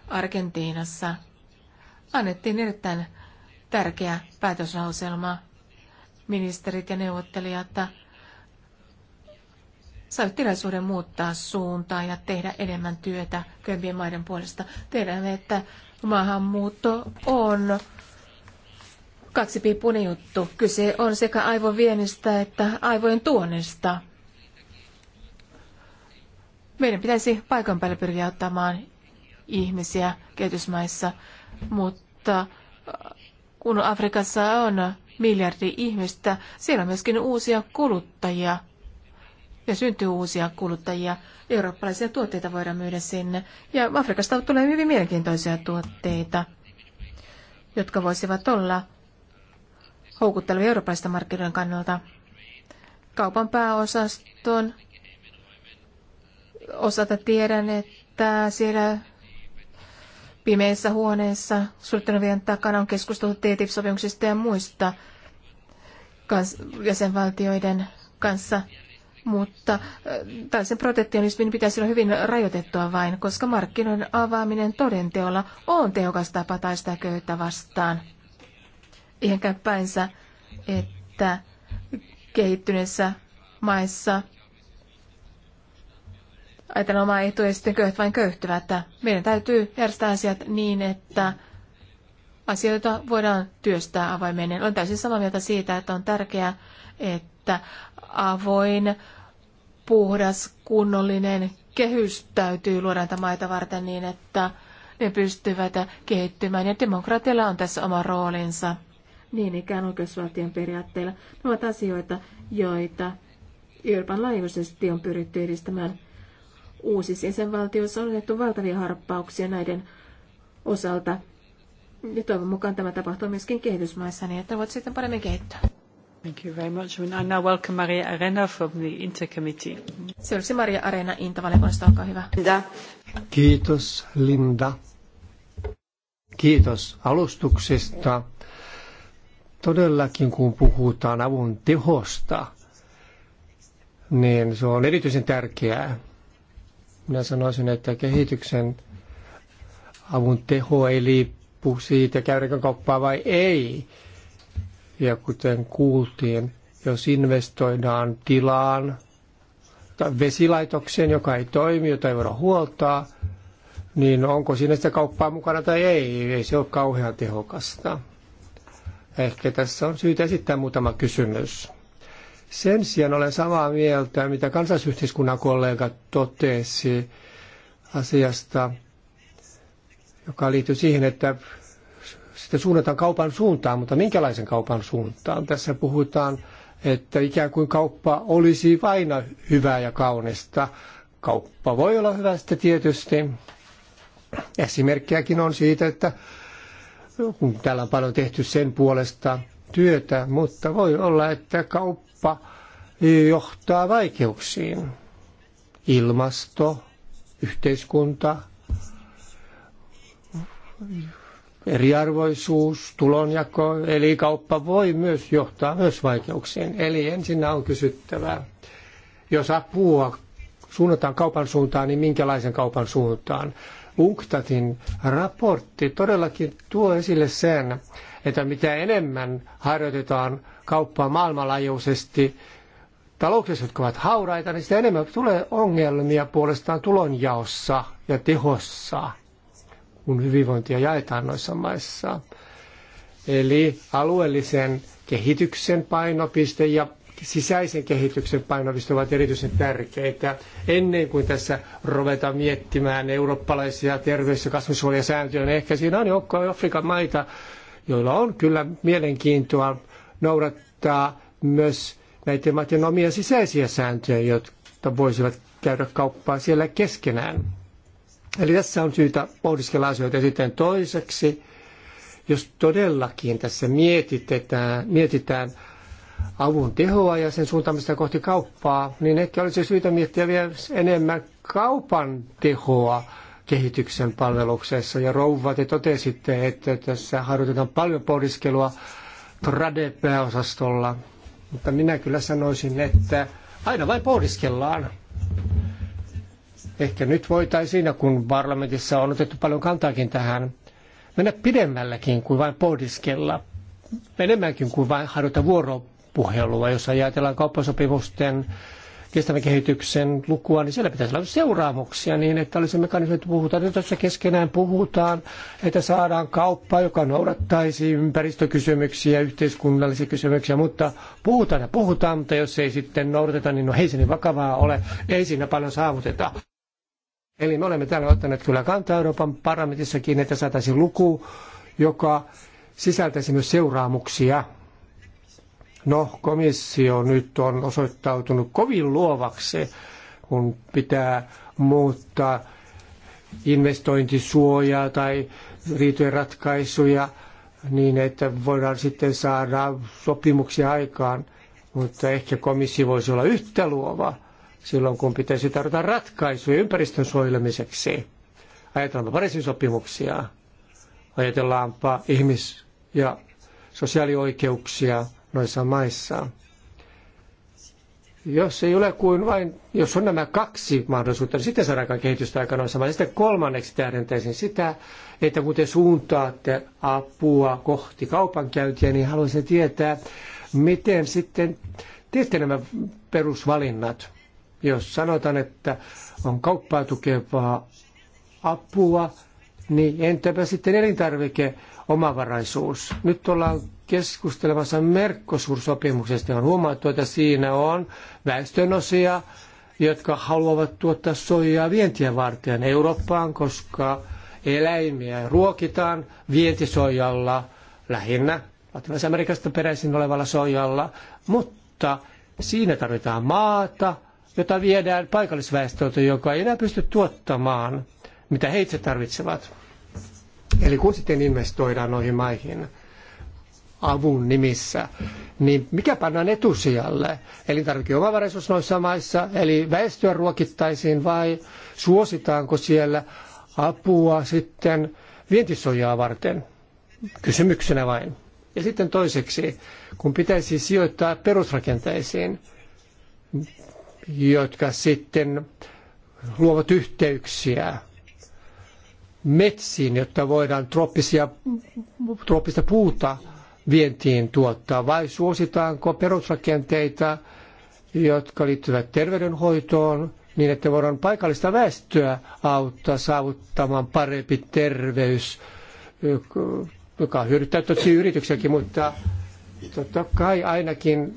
Argentiinassa. Annettiin erittäin tärkeä päätöslauselma. Ministerit ja neuvottelijat saivat tilaisuuden muuttaa suuntaa ja tehdä enemmän työtä köyhien maiden puolesta. Tiedämme, että maahanmuutto on kaksipiippuinen juttu. Kyse on sekä aivoviennistä että aivojen tuonnista. Meidän pitäisi paikan päälle pyrkiä ottamaan ihmisiä kehitysmaissa, mutta äh, kun Afrikassa on miljardi ihmistä, siellä on myöskin uusia kuluttajia – ja syntyy uusia kuluttajia. Eurooppalaisia tuotteita voidaan myydä sinne ja Afrikasta tulee hyvin mielenkiintoisia tuotteita, jotka voisivat olla houkuttelevia eurooppalaisten markkinoiden kannalta. Kaupan pääosaston osalta tiedän, että siellä pimeissä huoneissa suljettujen takana on keskusteltu TTIP-sopimuksista ja muista kans- jäsenvaltioiden kanssa mutta sen protektionismin pitäisi olla hyvin rajoitettua vain, koska markkinoiden avaaminen todenteolla on tehokas tapa taistaa köyttä vastaan. Ihan käy päinsä, että kehittyneissä maissa ajatellaan omaa etua ja sitten köyhät vain köyhtyvät. Meidän täytyy järjestää asiat niin, että asioita voidaan työstää avaimeen. Olen täysin samaa mieltä siitä, että on tärkeää, että avoin, puhdas, kunnollinen kehys täytyy luoda näitä maita varten niin, että ne pystyvät kehittymään ja demokratialla on tässä oma roolinsa. Niin ikään oikeusvaltion periaatteella. Ne ovat asioita, joita Euroopan laajuisesti on pyritty edistämään. Uusissa jäsenvaltioissa on otettu valtavia harppauksia näiden osalta. Ja toivon mukaan tämä tapahtuu myöskin kehitysmaissa niin, että voit sitten paremmin kehittyä. Thank you very much. now welcome Maria Arena from the Seuraavaksi Maria Arena olkaa hyvä. Linda. Kiitos Linda. Kiitos alustuksesta. Todellakin kun puhutaan avun tehosta, niin se on erityisen tärkeää. Minä sanoisin, että kehityksen avun teho ei liippu siitä, käydäänkö kauppaa vai ei ja kuten kuultiin, jos investoidaan tilaan tai vesilaitokseen, joka ei toimi, jota ei voida huoltaa, niin onko siinä sitä kauppaa mukana tai ei, ei se ole kauhean tehokasta. Ehkä tässä on syytä esittää muutama kysymys. Sen sijaan olen samaa mieltä, mitä kansallisyhteiskunnan kollega totesi asiasta, joka liittyy siihen, että sitten suunnataan kaupan suuntaan, mutta minkälaisen kaupan suuntaan? Tässä puhutaan, että ikään kuin kauppa olisi vain hyvää ja kaunista. Kauppa voi olla hyvästä tietysti. Esimerkkiäkin on siitä, että kun täällä on paljon tehty sen puolesta työtä, mutta voi olla, että kauppa johtaa vaikeuksiin. Ilmasto, yhteiskunta, eriarvoisuus, tulonjako, eli kauppa voi myös johtaa myös vaikeuksiin. Eli ensinnä on kysyttävä, jos apua suunnataan kaupan suuntaan, niin minkälaisen kaupan suuntaan? UNCTADin raportti todellakin tuo esille sen, että mitä enemmän harjoitetaan kauppaa maailmanlaajuisesti talouksissa, jotka ovat hauraita, niin sitä enemmän tulee ongelmia puolestaan tulonjaossa ja tehossa – kun hyvinvointia jaetaan noissa maissa. Eli alueellisen kehityksen painopiste ja sisäisen kehityksen painopiste ovat erityisen tärkeitä ennen kuin tässä ruvetaan miettimään eurooppalaisia terveys- ja kasvisuojasääntöjä. Niin ehkä siinä on joukko Afrikan maita, joilla on kyllä mielenkiintoa noudattaa myös näiden maiden omia sisäisiä sääntöjä, jotka voisivat käydä kauppaa siellä keskenään. Eli tässä on syytä pohdiskella asioita. Sitten toiseksi, jos todellakin tässä mietitään, mietitään avun tehoa ja sen suuntaamista kohti kauppaa, niin ehkä olisi syytä miettiä vielä enemmän kaupan tehoa kehityksen palveluksessa. Ja rouva, te totesitte, että tässä harjoitetaan paljon pohdiskelua Trade-pääosastolla, mutta minä kyllä sanoisin, että aina vain pohdiskellaan. Ehkä nyt voitaisiin, kun parlamentissa on otettu paljon kantaakin tähän, mennä pidemmälläkin kuin vain pohdiskella, enemmänkin kuin vain harjoita vuoropuhelua. jossa ajatellaan kauppasopimusten kestävän kehityksen lukua, niin siellä pitäisi olla seuraamuksia niin, että olisi mekanismi, että puhutaan, että tässä keskenään puhutaan, että saadaan kauppa, joka noudattaisi ympäristökysymyksiä, yhteiskunnallisia kysymyksiä, mutta puhutaan ja puhutaan, mutta jos ei sitten noudateta, niin no ei se niin vakavaa ole, ei siinä paljon saavuteta. Eli me olemme täällä ottaneet kyllä kantaa Euroopan parlamentissakin, että saataisiin luku, joka sisältäisi myös seuraamuksia. No, komissio nyt on osoittautunut kovin luovaksi, kun pitää muuttaa investointisuojaa tai riitojen ratkaisuja niin, että voidaan sitten saada sopimuksia aikaan. Mutta ehkä komissio voisi olla yhtä luova silloin, kun pitäisi tarjota ratkaisuja ympäristön suojelemiseksi. Ajatellaanpa Pariisin sopimuksia, ajatellaanpa ihmis- ja sosiaalioikeuksia noissa maissa. Jos ei ole kuin vain, jos on nämä kaksi mahdollisuutta, niin sitten saadaan kehitystä aika noissa maissa. Sitten kolmanneksi tähdentäisin sitä, että kun te suuntaatte apua kohti kaupankäyntiä, niin haluaisin tietää, miten sitten teette nämä perusvalinnat. Jos sanotaan, että on kauppaa tukevaa apua, niin entäpä sitten elintarvike omavaraisuus? Nyt ollaan keskustelemassa Merkkosuursopimuksesta ja on huomattu, että siinä on väestönosia, jotka haluavat tuottaa soijaa vientiä varten Eurooppaan, koska eläimiä ruokitaan vientisoijalla lähinnä Latinalaisesta Amerikasta peräisin olevalla soijalla, mutta siinä tarvitaan maata, jota viedään paikallisväestöltä, joka ei enää pysty tuottamaan, mitä he itse tarvitsevat. Eli kun sitten investoidaan noihin maihin avun nimissä, niin mikä pannaan etusijalle? Elintarvikeomavaraisuus noissa maissa, eli väestöä ruokittaisiin vai suositaanko siellä apua sitten vientisojaa varten? Kysymyksenä vain. Ja sitten toiseksi, kun pitäisi sijoittaa perusrakenteisiin – jotka sitten luovat yhteyksiä metsiin, jotta voidaan trooppisia, trooppista puuta vientiin tuottaa, vai suositaanko perusrakenteita, jotka liittyvät terveydenhoitoon, niin että voidaan paikallista väestöä auttaa saavuttamaan parempi terveys, joka hyödyttää tosi yrityksiäkin, mutta totta kai ainakin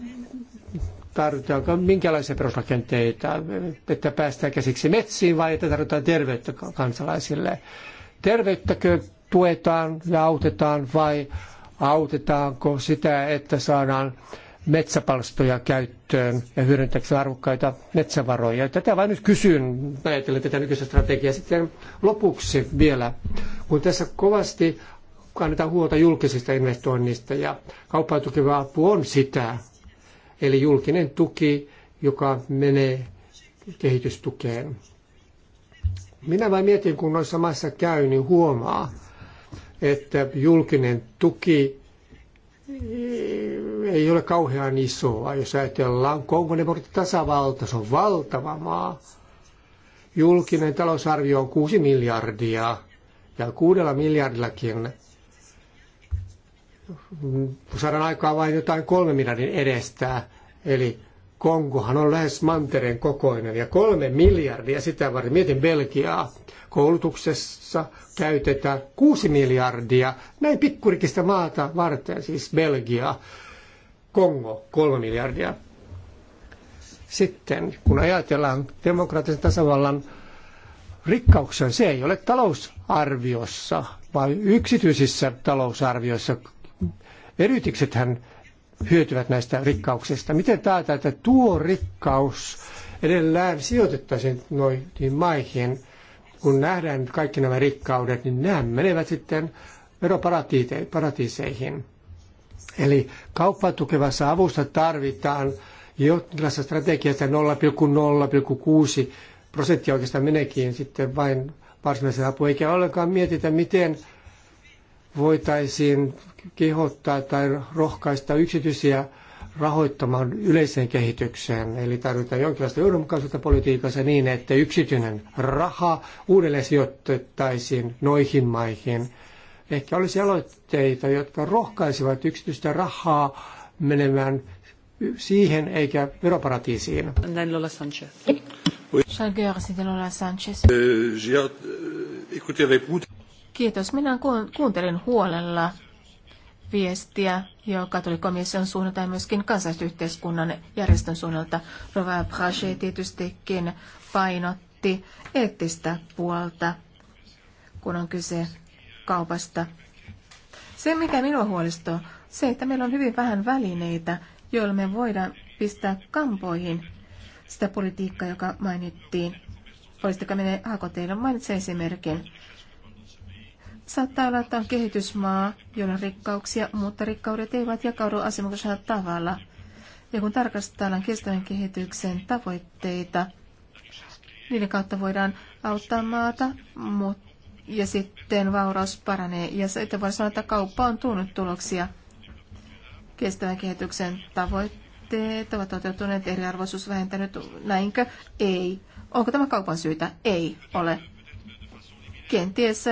tarvitaanko minkälaisia perusrakenteita, että päästään käsiksi metsiin vai että tarvitaan terveyttä kansalaisille. Terveyttäkö tuetaan ja autetaan vai autetaanko sitä, että saadaan metsäpalstoja käyttöön ja hyödyntääkseen arvokkaita metsävaroja. Tätä vain nyt kysyn, ajatellen tätä nykyistä strategiaa. Sitten lopuksi vielä, kun tässä kovasti kannetaan huolta julkisista investoinnista ja kauppaa tukeva apu on sitä, eli julkinen tuki, joka menee kehitystukeen. Minä vain mietin, kun noissa maissa käy, niin huomaa, että julkinen tuki ei ole kauhean isoa. Jos ajatellaan Kongon demokratian tasavalta, se on valtava maa. Julkinen talousarvio on 6 miljardia ja kuudella miljardillakin saadaan aikaa vain jotain kolme miljardin edestä. Eli Kongohan on lähes mantereen kokoinen ja kolme miljardia sitä varten. Mietin Belgiaa. Koulutuksessa käytetään kuusi miljardia näin pikkurikista maata varten, siis Belgiaa. Kongo kolme miljardia. Sitten kun ajatellaan demokraattisen tasavallan rikkauksia, se ei ole talousarviossa, vaan yksityisissä talousarvioissa Yrityksethän hyötyvät näistä rikkauksista. Miten taata, että tuo rikkaus edellään sijoitettaisiin noihin maihin, kun nähdään kaikki nämä rikkaudet, niin nämä menevät sitten veroparatiiseihin. Eli kauppaa tukevassa avussa tarvitaan jonkinlaista strategiaa, että 0,0,6 prosenttia oikeastaan meneekin sitten vain varsinaisen apu, eikä ollenkaan mietitä, miten voitaisiin kehottaa tai rohkaista yksityisiä rahoittamaan yleiseen kehitykseen. Eli tarvitaan jonkinlaista johdonmukaisuutta politiikassa niin, että yksityinen raha uudelleen sijoitettaisiin noihin maihin. Ehkä olisi aloitteita, jotka rohkaisivat yksityistä rahaa menemään siihen eikä veroparatiisiin. Näin Lola Sanchez. Sanchez. Euh, euh, Kiitos. Minä kuuntelin huolella viestiä, joka tuli komission suunnalta ja myöskin kansalaisyhteiskunnan järjestön suunnalta. Rova Brashe tietystikin painotti eettistä puolta, kun on kyse kaupasta. Se, mikä minua huolestuu, se, että meillä on hyvin vähän välineitä, joilla me voidaan pistää kampoihin sitä politiikkaa, joka mainittiin. Politiikka menee AKT, no mainitsen esimerkin. Saattaa olla, että on kehitysmaa, jolla on rikkauksia, mutta rikkaudet eivät jakaudu asianmukaisella tavalla. Ja kun tarkastellaan kestävän kehityksen tavoitteita, niiden kautta voidaan auttaa maata, mutta ja sitten vauraus paranee. Ja sitten voi sanoa, että kauppa on tuonut tuloksia. Kestävän kehityksen tavoitteet ovat toteutuneet, eriarvoisuus vähentänyt, näinkö? Ei. Onko tämä kaupan syytä? Ei ole. Kenties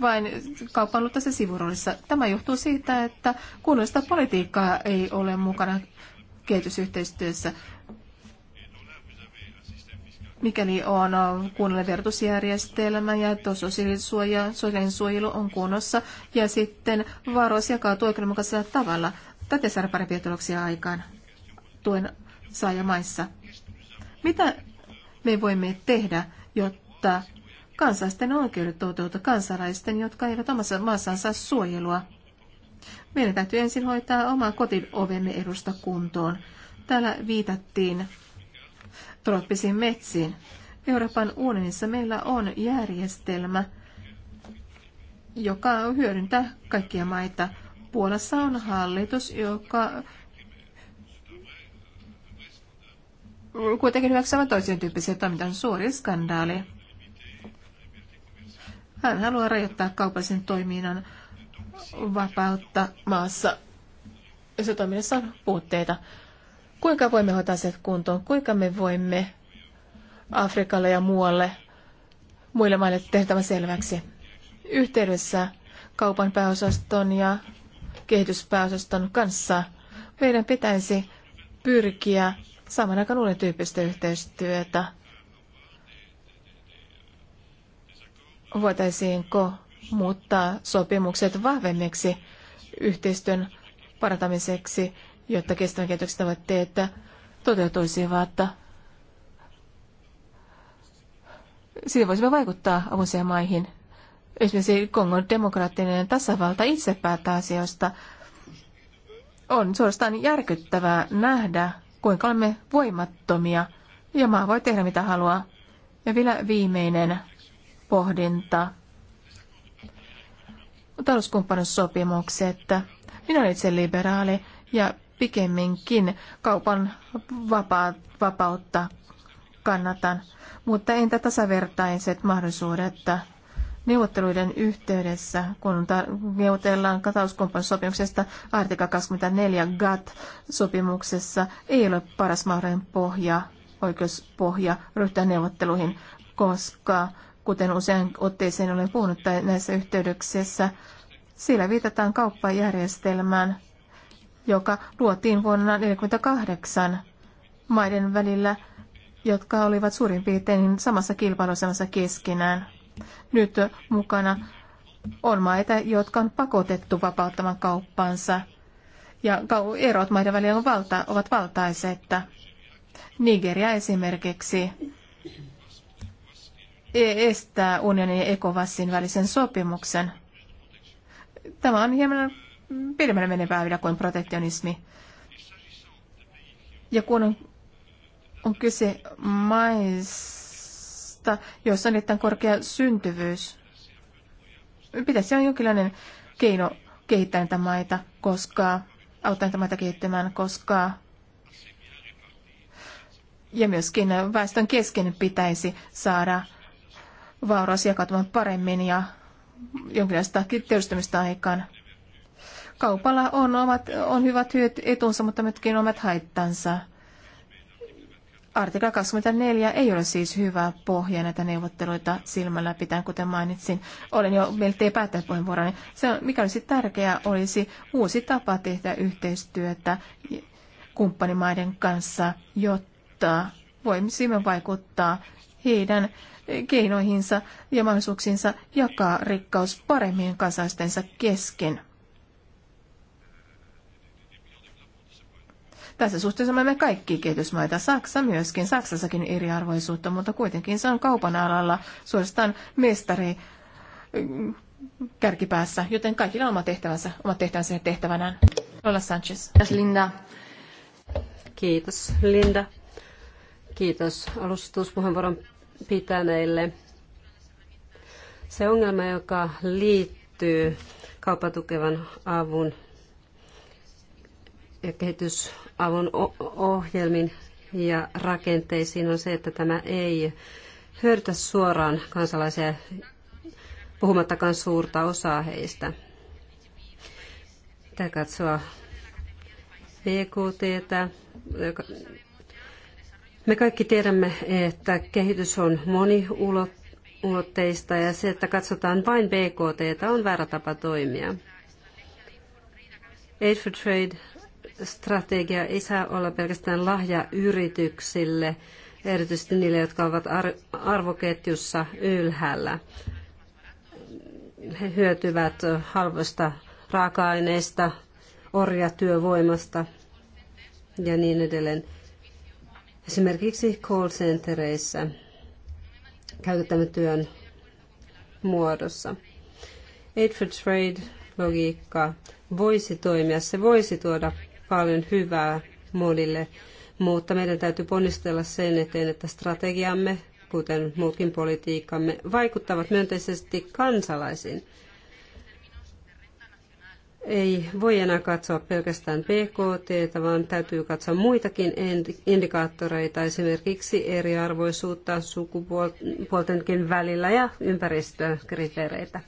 vain kaupan tässä sivuroolissa. Tämä johtuu siitä, että kunnallista politiikkaa ei ole mukana kehitysyhteistyössä. Mikäli on kunnallinen verotusjärjestelmä ja sosiaalinen suojelu on kunnossa ja sitten varois jakautuu oikeudenmukaisella tavalla, tätä saada parempia tuloksia aikaan tuen saajamaissa. Mitä me voimme tehdä, jotta Kansalaisten oikeudet toteutuvat kansalaisten, jotka eivät omassa maassaan saa suojelua. Meidän täytyy ensin hoitaa oma kotiovemme edusta kuntoon. Täällä viitattiin trooppisiin metsiin. Euroopan unionissa meillä on järjestelmä, joka hyödyntää kaikkia maita. Puolassa on hallitus, joka kuitenkin hyväksyvät toisen tyyppisiä toimintaan suuri skandaali. Hän haluaa rajoittaa kaupallisen toiminnan vapautta maassa. Se toiminnassa on puutteita. Kuinka voimme hoitaa se kuntoon? Kuinka me voimme Afrikalle ja muualle muille maille tehtävä selväksi? Yhteydessä kaupan pääosaston ja kehityspääosaston kanssa meidän pitäisi pyrkiä saman aikaan uuden tyyppistä yhteistyötä – voitaisiinko muuttaa sopimukset vahvemmiksi yhteistyön parantamiseksi, jotta kestävän kehityksen tavoitteet toteutuisivat. Siinä voisimme vaikuttaa avunsia maihin. Esimerkiksi Kongon demokraattinen tasavalta itse päättää asioista. On suorastaan järkyttävää nähdä, kuinka olemme voimattomia ja maa voi tehdä mitä haluaa. Ja vielä viimeinen pohdinta talouskumppanuussopimukset. Minä olen itse liberaali ja pikemminkin kaupan vapaa, vapautta kannatan. Mutta entä tasavertaiset mahdollisuudet neuvotteluiden yhteydessä, kun ta- neuvotellaan talouskumppanuussopimuksesta artikla 24 GATT-sopimuksessa, ei ole paras mahdollinen pohja, oikeuspohja ryhtyä neuvotteluihin, koska kuten usean otteeseen olen puhunut näissä yhteydyksissä, sillä viitataan kauppajärjestelmään, joka luotiin vuonna 1948 maiden välillä, jotka olivat suurin piirtein samassa kilpailusemassa keskenään. Nyt mukana on maita, jotka on pakotettu vapauttamaan kauppansa. Ja erot maiden välillä on valta, ovat valtaiset. Nigeria esimerkiksi E- estää unionin ja ECOWASin välisen sopimuksen. Tämä on hieman pidemmän menevää vielä kuin protektionismi. Ja kun on, on kyse maista, joissa on erittäin korkea syntyvyys, pitäisi olla jonkinlainen keino kehittää näitä maita, koska auttaa näitä maita kehittämään, koska ja myöskin väestön kesken pitäisi saada vauras jakautumaan paremmin ja jonkinlaista kiteystymistä aikaan. Kaupalla on, omat, on hyvät hyöt etunsa, mutta myöskin omat haittansa. Artikla 24 ei ole siis hyvä pohja näitä neuvotteluita silmällä pitäen, kuten mainitsin. Olen jo melkein päättänyt puheenvuoroni. Se, mikä olisi tärkeää, olisi uusi tapa tehdä yhteistyötä kumppanimaiden kanssa, jotta voisimme vaikuttaa heidän keinoihinsa ja mahdollisuuksiinsa jakaa rikkaus paremmin kansalaistensa kesken. Tässä suhteessa me kaikki kehitysmaita, Saksa myöskin, Saksassakin eriarvoisuutta, mutta kuitenkin se on kaupan alalla suorastaan mestari mm, kärkipäässä, joten kaikilla on oma tehtävänsä, oma tehtävänsä ja tehtävänään. Lola Sanchez. Kiitos Linda. Kiitos Linda. Kiitos alustuspuheenvuoron pitäneille. Se ongelma, joka liittyy kauppatukevan avun ja kehitysavun ohjelmiin ja rakenteisiin on se, että tämä ei hyödytä suoraan kansalaisia, puhumattakaan suurta osaa heistä. Pitää katsoa BKT, e me kaikki tiedämme, että kehitys on moniulotteista ja se, että katsotaan vain BKT, on väärä tapa toimia. Aid for Trade-strategia ei saa olla pelkästään lahja yrityksille, erityisesti niille, jotka ovat arvoketjussa ylhäällä. He hyötyvät halvoista raaka-aineista, orjatyövoimasta ja niin edelleen esimerkiksi call-centereissä käytettävän työn muodossa. Aid for Trade-logiikka voisi toimia, se voisi tuoda paljon hyvää monille, mutta meidän täytyy ponnistella sen eteen, että strategiamme, kuten muutkin politiikkamme, vaikuttavat myönteisesti kansalaisiin ei voi enää katsoa pelkästään BKT, vaan täytyy katsoa muitakin indikaattoreita, esimerkiksi eriarvoisuutta sukupuoltenkin välillä ja ympäristökriteereitä.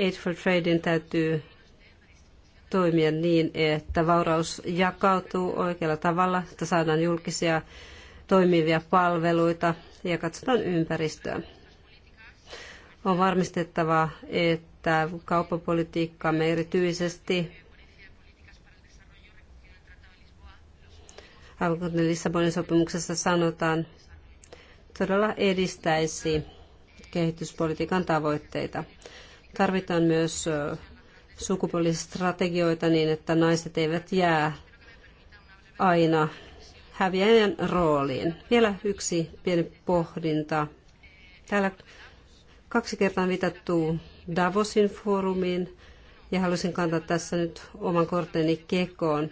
Aid for Tradein täytyy toimia niin, että vauraus jakautuu oikealla tavalla, että saadaan julkisia toimivia palveluita ja katsotaan ympäristöä. On varmistettava, että että kauppapolitiikkamme erityisesti kuten Lissabonin sopimuksessa sanotaan, todella edistäisi kehityspolitiikan tavoitteita. Tarvitaan myös sukupuolistrategioita niin, että naiset eivät jää aina häviäjän rooliin. Vielä yksi pieni pohdinta. Täällä kaksi kertaa viitattu Davosin foorumiin ja halusin kantaa tässä nyt oman korteni kekoon.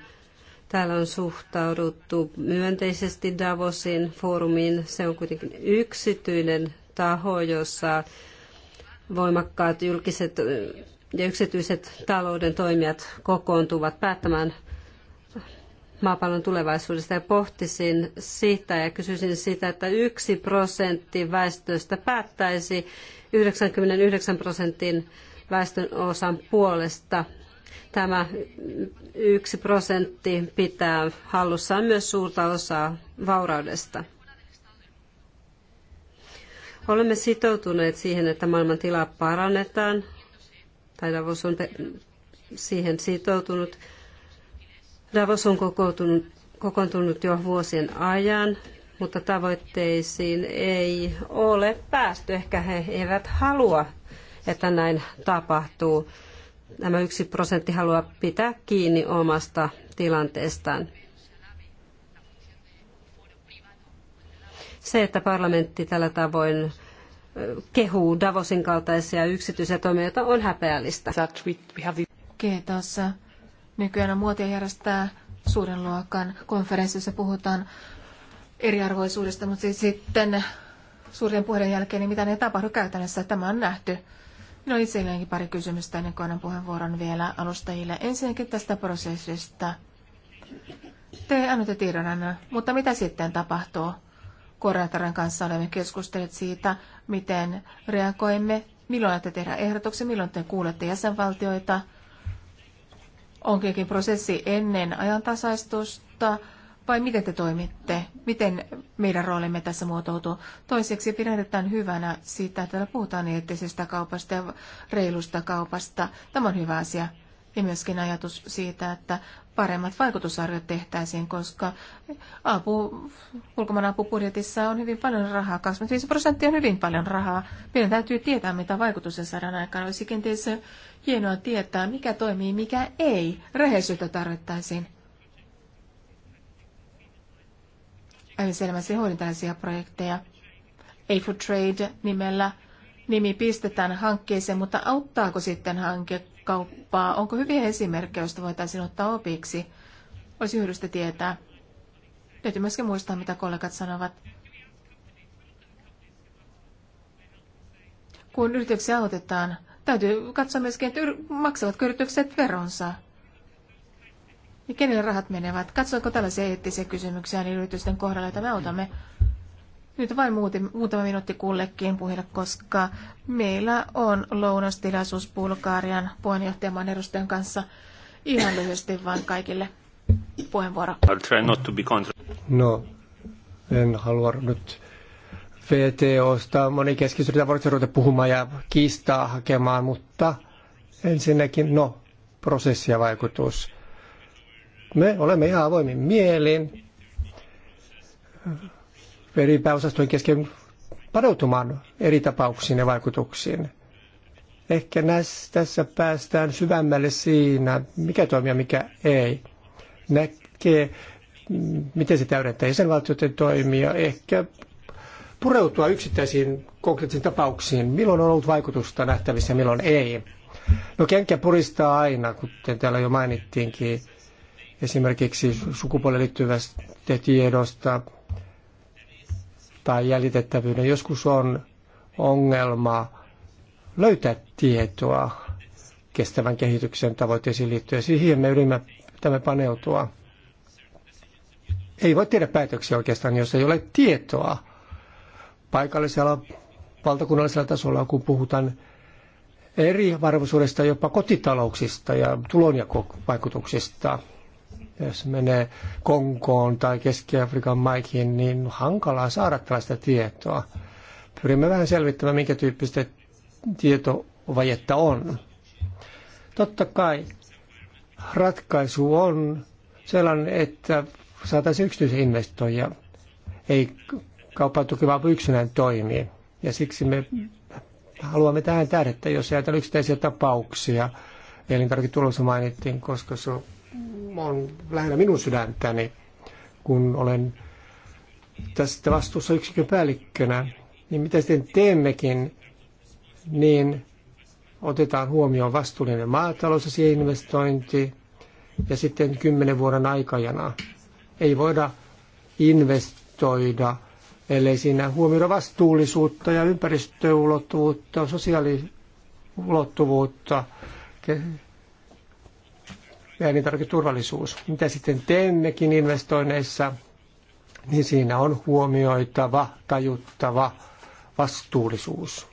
Täällä on suhtauduttu myönteisesti Davosin foorumiin. Se on kuitenkin yksityinen taho, jossa voimakkaat julkiset ja yksityiset talouden toimijat kokoontuvat päättämään maapallon tulevaisuudesta ja pohtisin sitä ja kysyisin sitä, että yksi prosentti väestöstä päättäisi 99 prosentin väestön osan puolesta. Tämä yksi prosentti pitää hallussaan myös suurta osaa vauraudesta. Olemme sitoutuneet siihen, että maailman tilaa parannetaan. Taidavuus on siihen sitoutunut. Davos on kokoontunut, kokoontunut jo vuosien ajan, mutta tavoitteisiin ei ole päästy. Ehkä he eivät halua, että näin tapahtuu. Nämä yksi prosentti haluaa pitää kiinni omasta tilanteestaan. Se, että parlamentti tällä tavoin kehuu Davosin kaltaisia yksityisiä toimijoita, on häpeällistä. Kiitos. Nykyään muotia järjestää suuren luokan konferenssissa puhutaan eriarvoisuudesta, mutta sitten suurien puheiden jälkeen, niin mitä ne tapahdu käytännössä, tämä on nähty. on itselleenkin pari kysymystä ennen kuin annan puheenvuoron vielä alustajille. Ensinnäkin tästä prosessista. Te annatte tiedonannon, mutta mitä sitten tapahtuu? Koreataran kanssa olemme keskustelleet siitä, miten reagoimme, milloin te tehdä ehdotuksia, milloin te kuulette jäsenvaltioita – Onko jokin prosessi ennen ajantasaistusta vai miten te toimitte? Miten meidän roolimme tässä muotoutuu? Toiseksi pidetään hyvänä sitä, että täällä puhutaan eettisestä kaupasta ja reilusta kaupasta. Tämä on hyvä asia. Ja myöskin ajatus siitä, että paremmat vaikutusarviot tehtäisiin, koska apu, ulkomaan apupudjetissa on hyvin paljon rahaa. 25 prosenttia on hyvin paljon rahaa. Meidän täytyy tietää, mitä vaikutus saadaan aikaan. Olisi kenties hienoa tietää, mikä toimii, mikä ei. Rehellisyyttä tarvittaisiin. Aivan selvästi hoidin tällaisia projekteja. A for Trade nimellä nimi pistetään hankkeeseen, mutta auttaako sitten hankekauppaa? Onko hyviä esimerkkejä, joista voitaisiin ottaa opiksi? Olisi hyödyllistä tietää. Täytyy myöskin muistaa, mitä kollegat sanovat. Kun yrityksiä autetaan, Täytyy katsoa myöskin, että yr- maksavatko yritykset veronsa. Ja kenelle rahat menevät? Katsoiko tällaisia eettisiä kysymyksiä niin yritysten kohdalla, että me autamme? Nyt vain muutama minuutti kullekin puhille, koska meillä on lounastilaisuus Bulgarian puheenjohtajan edustajan kanssa ihan lyhyesti vain kaikille puheenvuoro. No, en halua nyt VTOsta monikeskisyydestä voidaan ruveta puhumaan ja kiistaa hakemaan, mutta ensinnäkin, no, prosessi ja vaikutus. Me olemme ihan avoimin mielin eri pääosastojen kesken padoutumaan eri tapauksiin ja vaikutuksiin. Ehkä näissä, tässä päästään syvemmälle siinä, mikä toimii ja mikä ei. Näkee, mm, miten se täydentää jäsenvaltioiden toimia. Ehkä pureutua yksittäisiin konkreettisiin tapauksiin, milloin on ollut vaikutusta nähtävissä ja milloin ei. No kenkä puristaa aina, kuten täällä jo mainittiinkin, esimerkiksi sukupuoleen liittyvästä tiedosta tai jäljitettävyyden. Joskus on ongelma löytää tietoa kestävän kehityksen tavoitteisiin liittyen. Siis siihen me yritämme tämä paneutua. Ei voi tehdä päätöksiä oikeastaan, jos ei ole tietoa paikallisella valtakunnallisella tasolla, kun puhutaan eri varmuisuudesta jopa kotitalouksista ja tulonjakovaikutuksista. Jos menee Kongoon tai Keski-Afrikan maihin, niin hankalaa saada tällaista tietoa. Pyrimme vähän selvittämään, minkä tyyppistä tietovajetta on. Totta kai ratkaisu on sellainen, että saataisiin yksityisiä investoijia. Ei kaupan tukivalpo yksinään toimii. Ja siksi me haluamme tähän tähdettä, jos ajatellaan yksittäisiä tapauksia. tulossa mainittiin, koska se on lähellä minun sydäntäni, kun olen tästä vastuussa yksikön päällikkönä. Niin mitä sitten teemmekin, niin otetaan huomioon vastuullinen maatalous ja siihen investointi ja sitten kymmenen vuoden aikajana. Ei voida investoida ellei siinä huomioida vastuullisuutta ja ympäristöulottuvuutta, sosiaaliulottuvuutta ja elintarviketurvallisuus. Mitä sitten teemmekin investoinneissa, niin siinä on huomioitava, tajuttava vastuullisuus.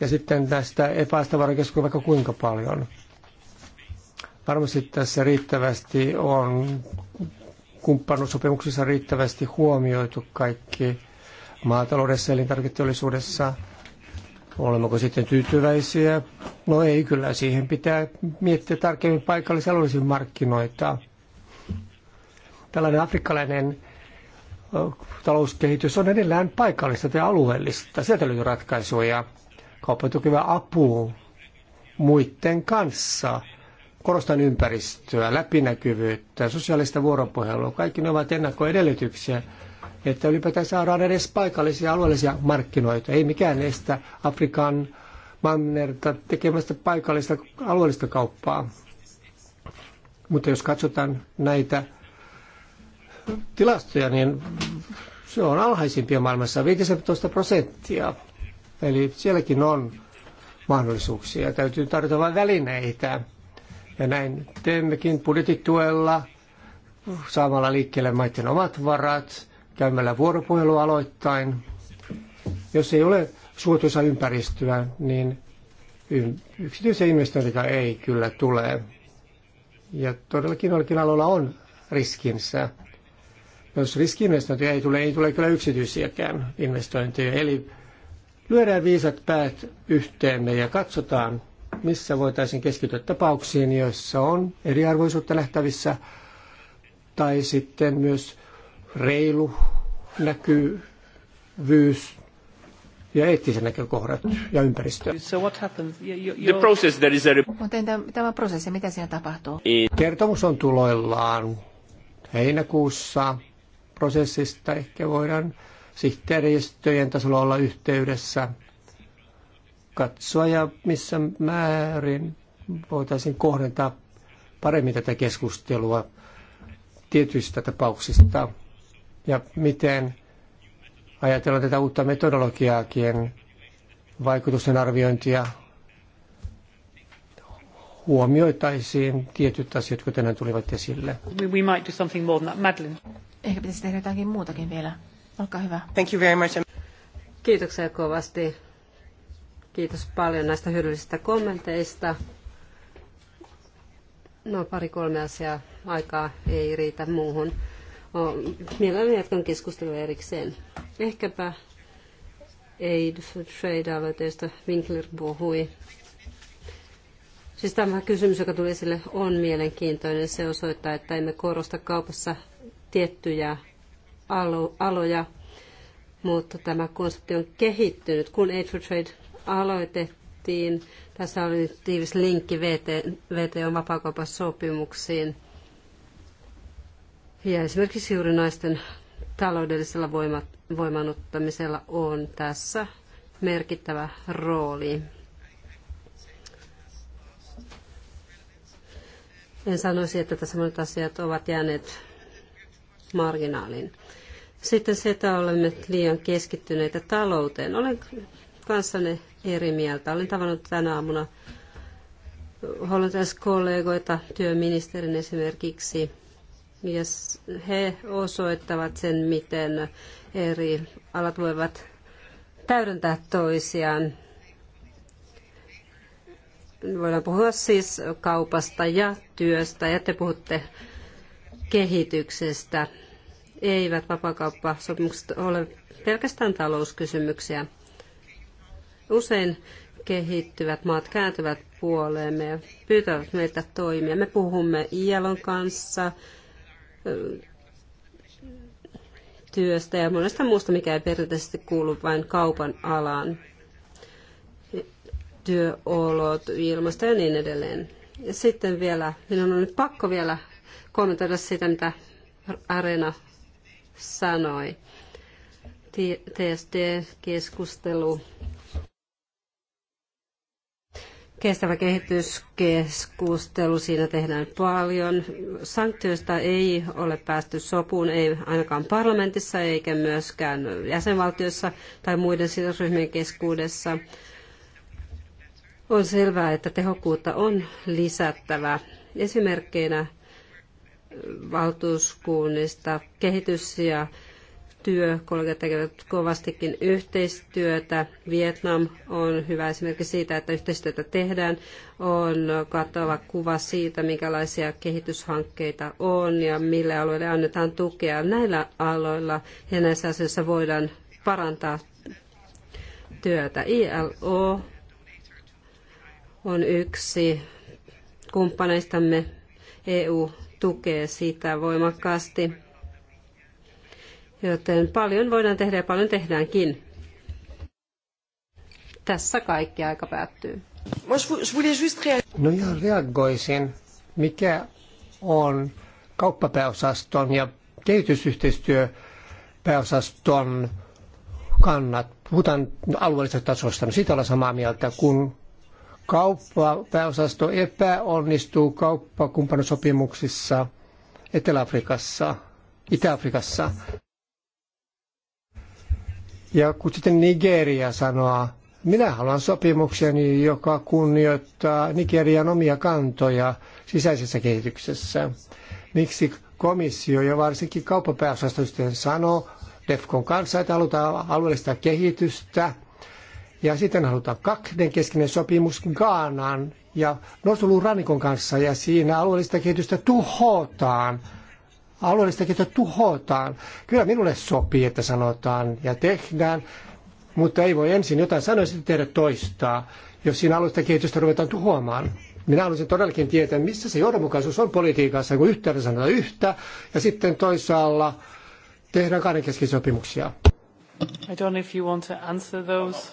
Ja sitten tästä epästavarakeskusta vaikka kuinka paljon. Varmasti tässä riittävästi on kumppanuussopimuksissa riittävästi huomioitu kaikki maataloudessa ja elintarviketeollisuudessa. Olemmeko sitten tyytyväisiä? No ei kyllä, siihen pitää miettiä tarkemmin paikallisia markkinoita. Tällainen afrikkalainen talouskehitys on edellään paikallista tai alueellista. Sieltä löytyy ratkaisuja. kauppatukiva apu muiden kanssa korostan ympäristöä, läpinäkyvyyttä, sosiaalista vuoropuhelua. Kaikki ne ovat ennakkoedellytyksiä, että ylipäätään saadaan edes paikallisia alueellisia markkinoita. Ei mikään estä Afrikan mannerta tekemästä paikallista alueellista kauppaa. Mutta jos katsotaan näitä tilastoja, niin se on alhaisimpia maailmassa, 15 prosenttia. Eli sielläkin on mahdollisuuksia. Täytyy tarjota vain välineitä ja näin teemmekin budjettituella saamalla liikkeelle maiden omat varat, käymällä vuoropuhelua aloittain. Jos ei ole suotuisa ympäristöä, niin yksityisiä investointeja ei kyllä tule. Ja todellakin noillakin aloilla on riskinsä. Jos riskiinvestointeja ei tule, ei tule kyllä yksityisiäkään investointeja. Eli lyödään viisat päät yhteen ja katsotaan, missä voitaisiin keskittyä tapauksiin, joissa on eriarvoisuutta nähtävissä, tai sitten myös reilu näkyvyys ja eettiset näkökohdat ja ympäristö. So what happens? The process, there is a... Mutta entä tämä prosessi, mitä siinä tapahtuu? Kertomus on tuloillaan heinäkuussa. Prosessista ehkä voidaan sihteeristöjen tasolla olla yhteydessä katsoa ja missä määrin voitaisiin kohdentaa paremmin tätä keskustelua tietyistä tapauksista ja miten ajatellaan tätä uutta metodologiaakin, vaikutusten arviointia, huomioitaisiin tietyt asiat, jotka tänään tulivat esille. We, might do something more than that. Madeline. Ehkä pitäisi tehdä jotakin muutakin vielä. Olkaa hyvä. Thank you very much. Kiitoksia kovasti Kiitos paljon näistä hyödyllisistä kommenteista. No pari kolme asiaa aikaa ei riitä muuhun. Mielelläni jatkan keskustelua erikseen. Ehkäpä Aid for Trade-aloitteesta Winkler puhui. Siis tämä kysymys, joka tuli esille, on mielenkiintoinen. Se osoittaa, että emme korosta kaupassa tiettyjä alo- aloja, mutta tämä konsepti on kehittynyt. Kun Aid for Trade aloitettiin, tässä oli tiivis linkki VT, VTOn vapaakauppasopimuksiin. Ja esimerkiksi juuri naisten taloudellisella voima, voimanuttamisella on tässä merkittävä rooli. En sanoisi, että tässä monet asiat ovat jääneet marginaaliin. Sitten se, että olemme liian keskittyneitä talouteen. Olen kanssanne eri mieltä. Olen tavannut tänä aamuna kollegoita, työministerin esimerkiksi, ja he osoittavat sen, miten eri alat voivat täydentää toisiaan. Voidaan puhua siis kaupasta ja työstä, ja te puhutte kehityksestä. Eivät vapaakauppasopimukset ole pelkästään talouskysymyksiä. Usein kehittyvät maat kääntyvät puoleemme ja pyytävät meitä toimia. Me puhumme ILon kanssa työstä ja monesta muusta, mikä ei perinteisesti kuulu vain kaupan alaan. Työolot, ilmasto ja niin edelleen. Ja sitten vielä, minun on nyt pakko vielä kommentoida sitä, mitä Arena sanoi. TSD-keskustelu kestävä kehityskeskustelu, siinä tehdään paljon. Sanktioista ei ole päästy sopuun, ei ainakaan parlamentissa eikä myöskään jäsenvaltioissa tai muiden sidosryhmien keskuudessa. On selvää, että tehokkuutta on lisättävä. Esimerkkeinä valtuuskunnista kehitys- ja työ. Kollegat tekevät kovastikin yhteistyötä. Vietnam on hyvä esimerkki siitä, että yhteistyötä tehdään. On kattava kuva siitä, minkälaisia kehityshankkeita on ja mille alueille annetaan tukea. Näillä aloilla ja näissä asioissa voidaan parantaa työtä. ILO on yksi kumppaneistamme. EU tukee sitä voimakkaasti Joten paljon voidaan tehdä ja paljon tehdäänkin. Tässä kaikki aika päättyy. No ihan reagoisin, mikä on kauppapääosaston ja kehitysyhteistyöpääosaston kannat. Puhutaan alueellisesta tasosta, no siitä ollaan samaa mieltä, kun kauppapääosasto epäonnistuu kauppakumppanosopimuksissa Etelä-Afrikassa, Itä-Afrikassa. Ja kun sitten Nigeria sanoo, minä haluan sopimukseni, joka kunnioittaa Nigerian omia kantoja sisäisessä kehityksessä. Miksi komissio ja varsinkin kauppapääosasto sitten sanoo DEFCON kanssa, että halutaan alueellista kehitystä ja sitten halutaan kahden keskinen sopimus Gaanan ja Norsulun rannikon kanssa ja siinä alueellista kehitystä tuhotaan – alueellista kehitystä tuhotaan. Kyllä minulle sopii, että sanotaan ja tehdään, mutta ei voi ensin jotain sanoa ja sitten tehdä toistaa, jos siinä alueellista kehitystä ruvetaan tuhoamaan. Minä haluaisin todellakin tietää, missä se johdonmukaisuus on politiikassa, kun yhtäällä sanotaan yhtä ja sitten toisaalla tehdään kahdenkeskisiä sopimuksia. I don't know if you want to answer those.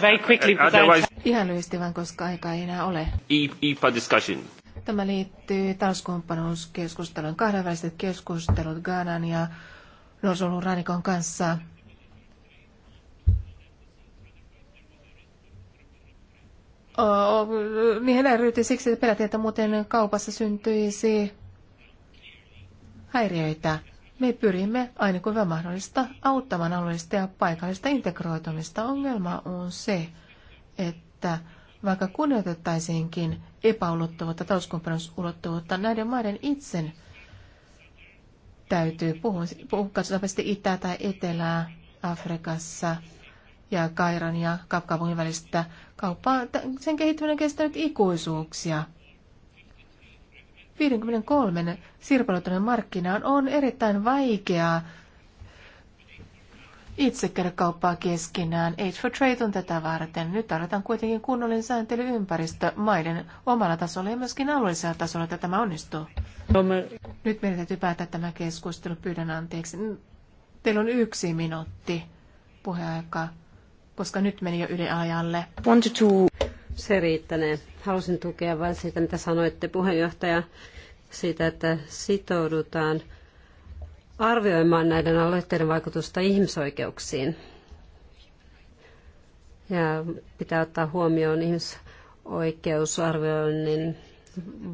Very quickly, I... Ihan lyhyesti vaan, koska aika ei enää ole. IPA discussion. Tämä liittyy talouskumppanuuskeskusteluun. Kahdenväliset keskustelut Ghanan ja Norsulun rannikon kanssa Niihin ryhtyi siksi, että pelättiin, että muuten kaupassa syntyisi häiriöitä. Me pyrimme aina kuin mahdollista auttamaan alueellista ja paikallista integroitumista. Ongelma on se, että vaikka kunnioitettaisiinkin epäulottuvuutta, talouskumppanuusulottuvuutta, näiden maiden itsen täytyy puhua, puhua katsotaanpa sitten itää tai etelää Afrikassa ja Kairan ja Kapkavun välistä kauppaa. Sen kehittyminen kestänyt ikuisuuksia. 53 sirpaloituneen markkinaan on erittäin vaikeaa itse käydä kauppaa keskenään. Age for Trade on tätä varten. Nyt tarvitaan kuitenkin kunnollinen sääntelyympäristö maiden omalla tasolla ja myöskin alueellisella tasolla, että tämä onnistuu. Nyt meidän täytyy päättää tämä keskustelu. Pyydän anteeksi. Teillä on yksi minuutti puheaikaa, koska nyt meni jo yli ajalle. One to two. Se riittänee. Halusin tukea vain siitä, mitä sanoitte puheenjohtaja, siitä, että sitoudutaan – arvioimaan näiden aloitteiden vaikutusta ihmisoikeuksiin. Ja pitää ottaa huomioon ihmisoikeusarvioinnin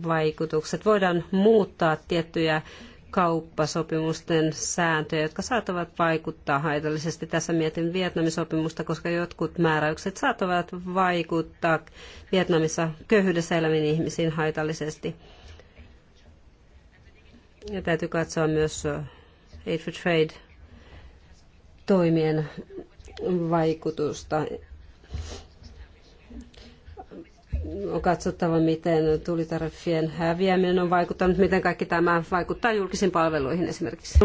vaikutukset. Voidaan muuttaa tiettyjä kauppasopimusten sääntöjä, jotka saattavat vaikuttaa haitallisesti. Tässä mietin Vietnamin sopimusta, koska jotkut määräykset saattavat vaikuttaa Vietnamissa köyhyydessä eläviin ihmisiin haitallisesti. Ja täytyy katsoa myös Aid for Trade toimien vaikutusta. On katsottava, miten tulitariffien häviäminen on vaikuttanut, miten kaikki tämä vaikuttaa julkisiin palveluihin esimerkiksi.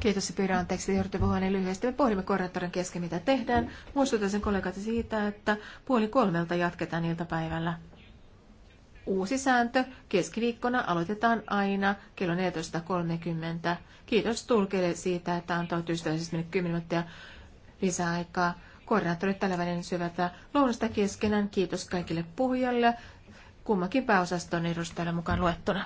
Kiitos ja pyydän anteeksi, joudutte puhumaan niin lyhyesti. Me pohdimme koordinaattorin kesken, mitä tehdään. Muistutan sen kollegat siitä, että puoli kolmelta jatketaan iltapäivällä. Uusi sääntö keskiviikkona aloitetaan aina kello 14.30. Kiitos tulkille siitä, että antoi ystävällisesti mennä 10 minuuttia lisäaikaa. Koordinaattorit tällä välin syvältä lounasta keskenään. Kiitos kaikille puhujille, Kummakin pääosaston edustajille mukaan luettuna.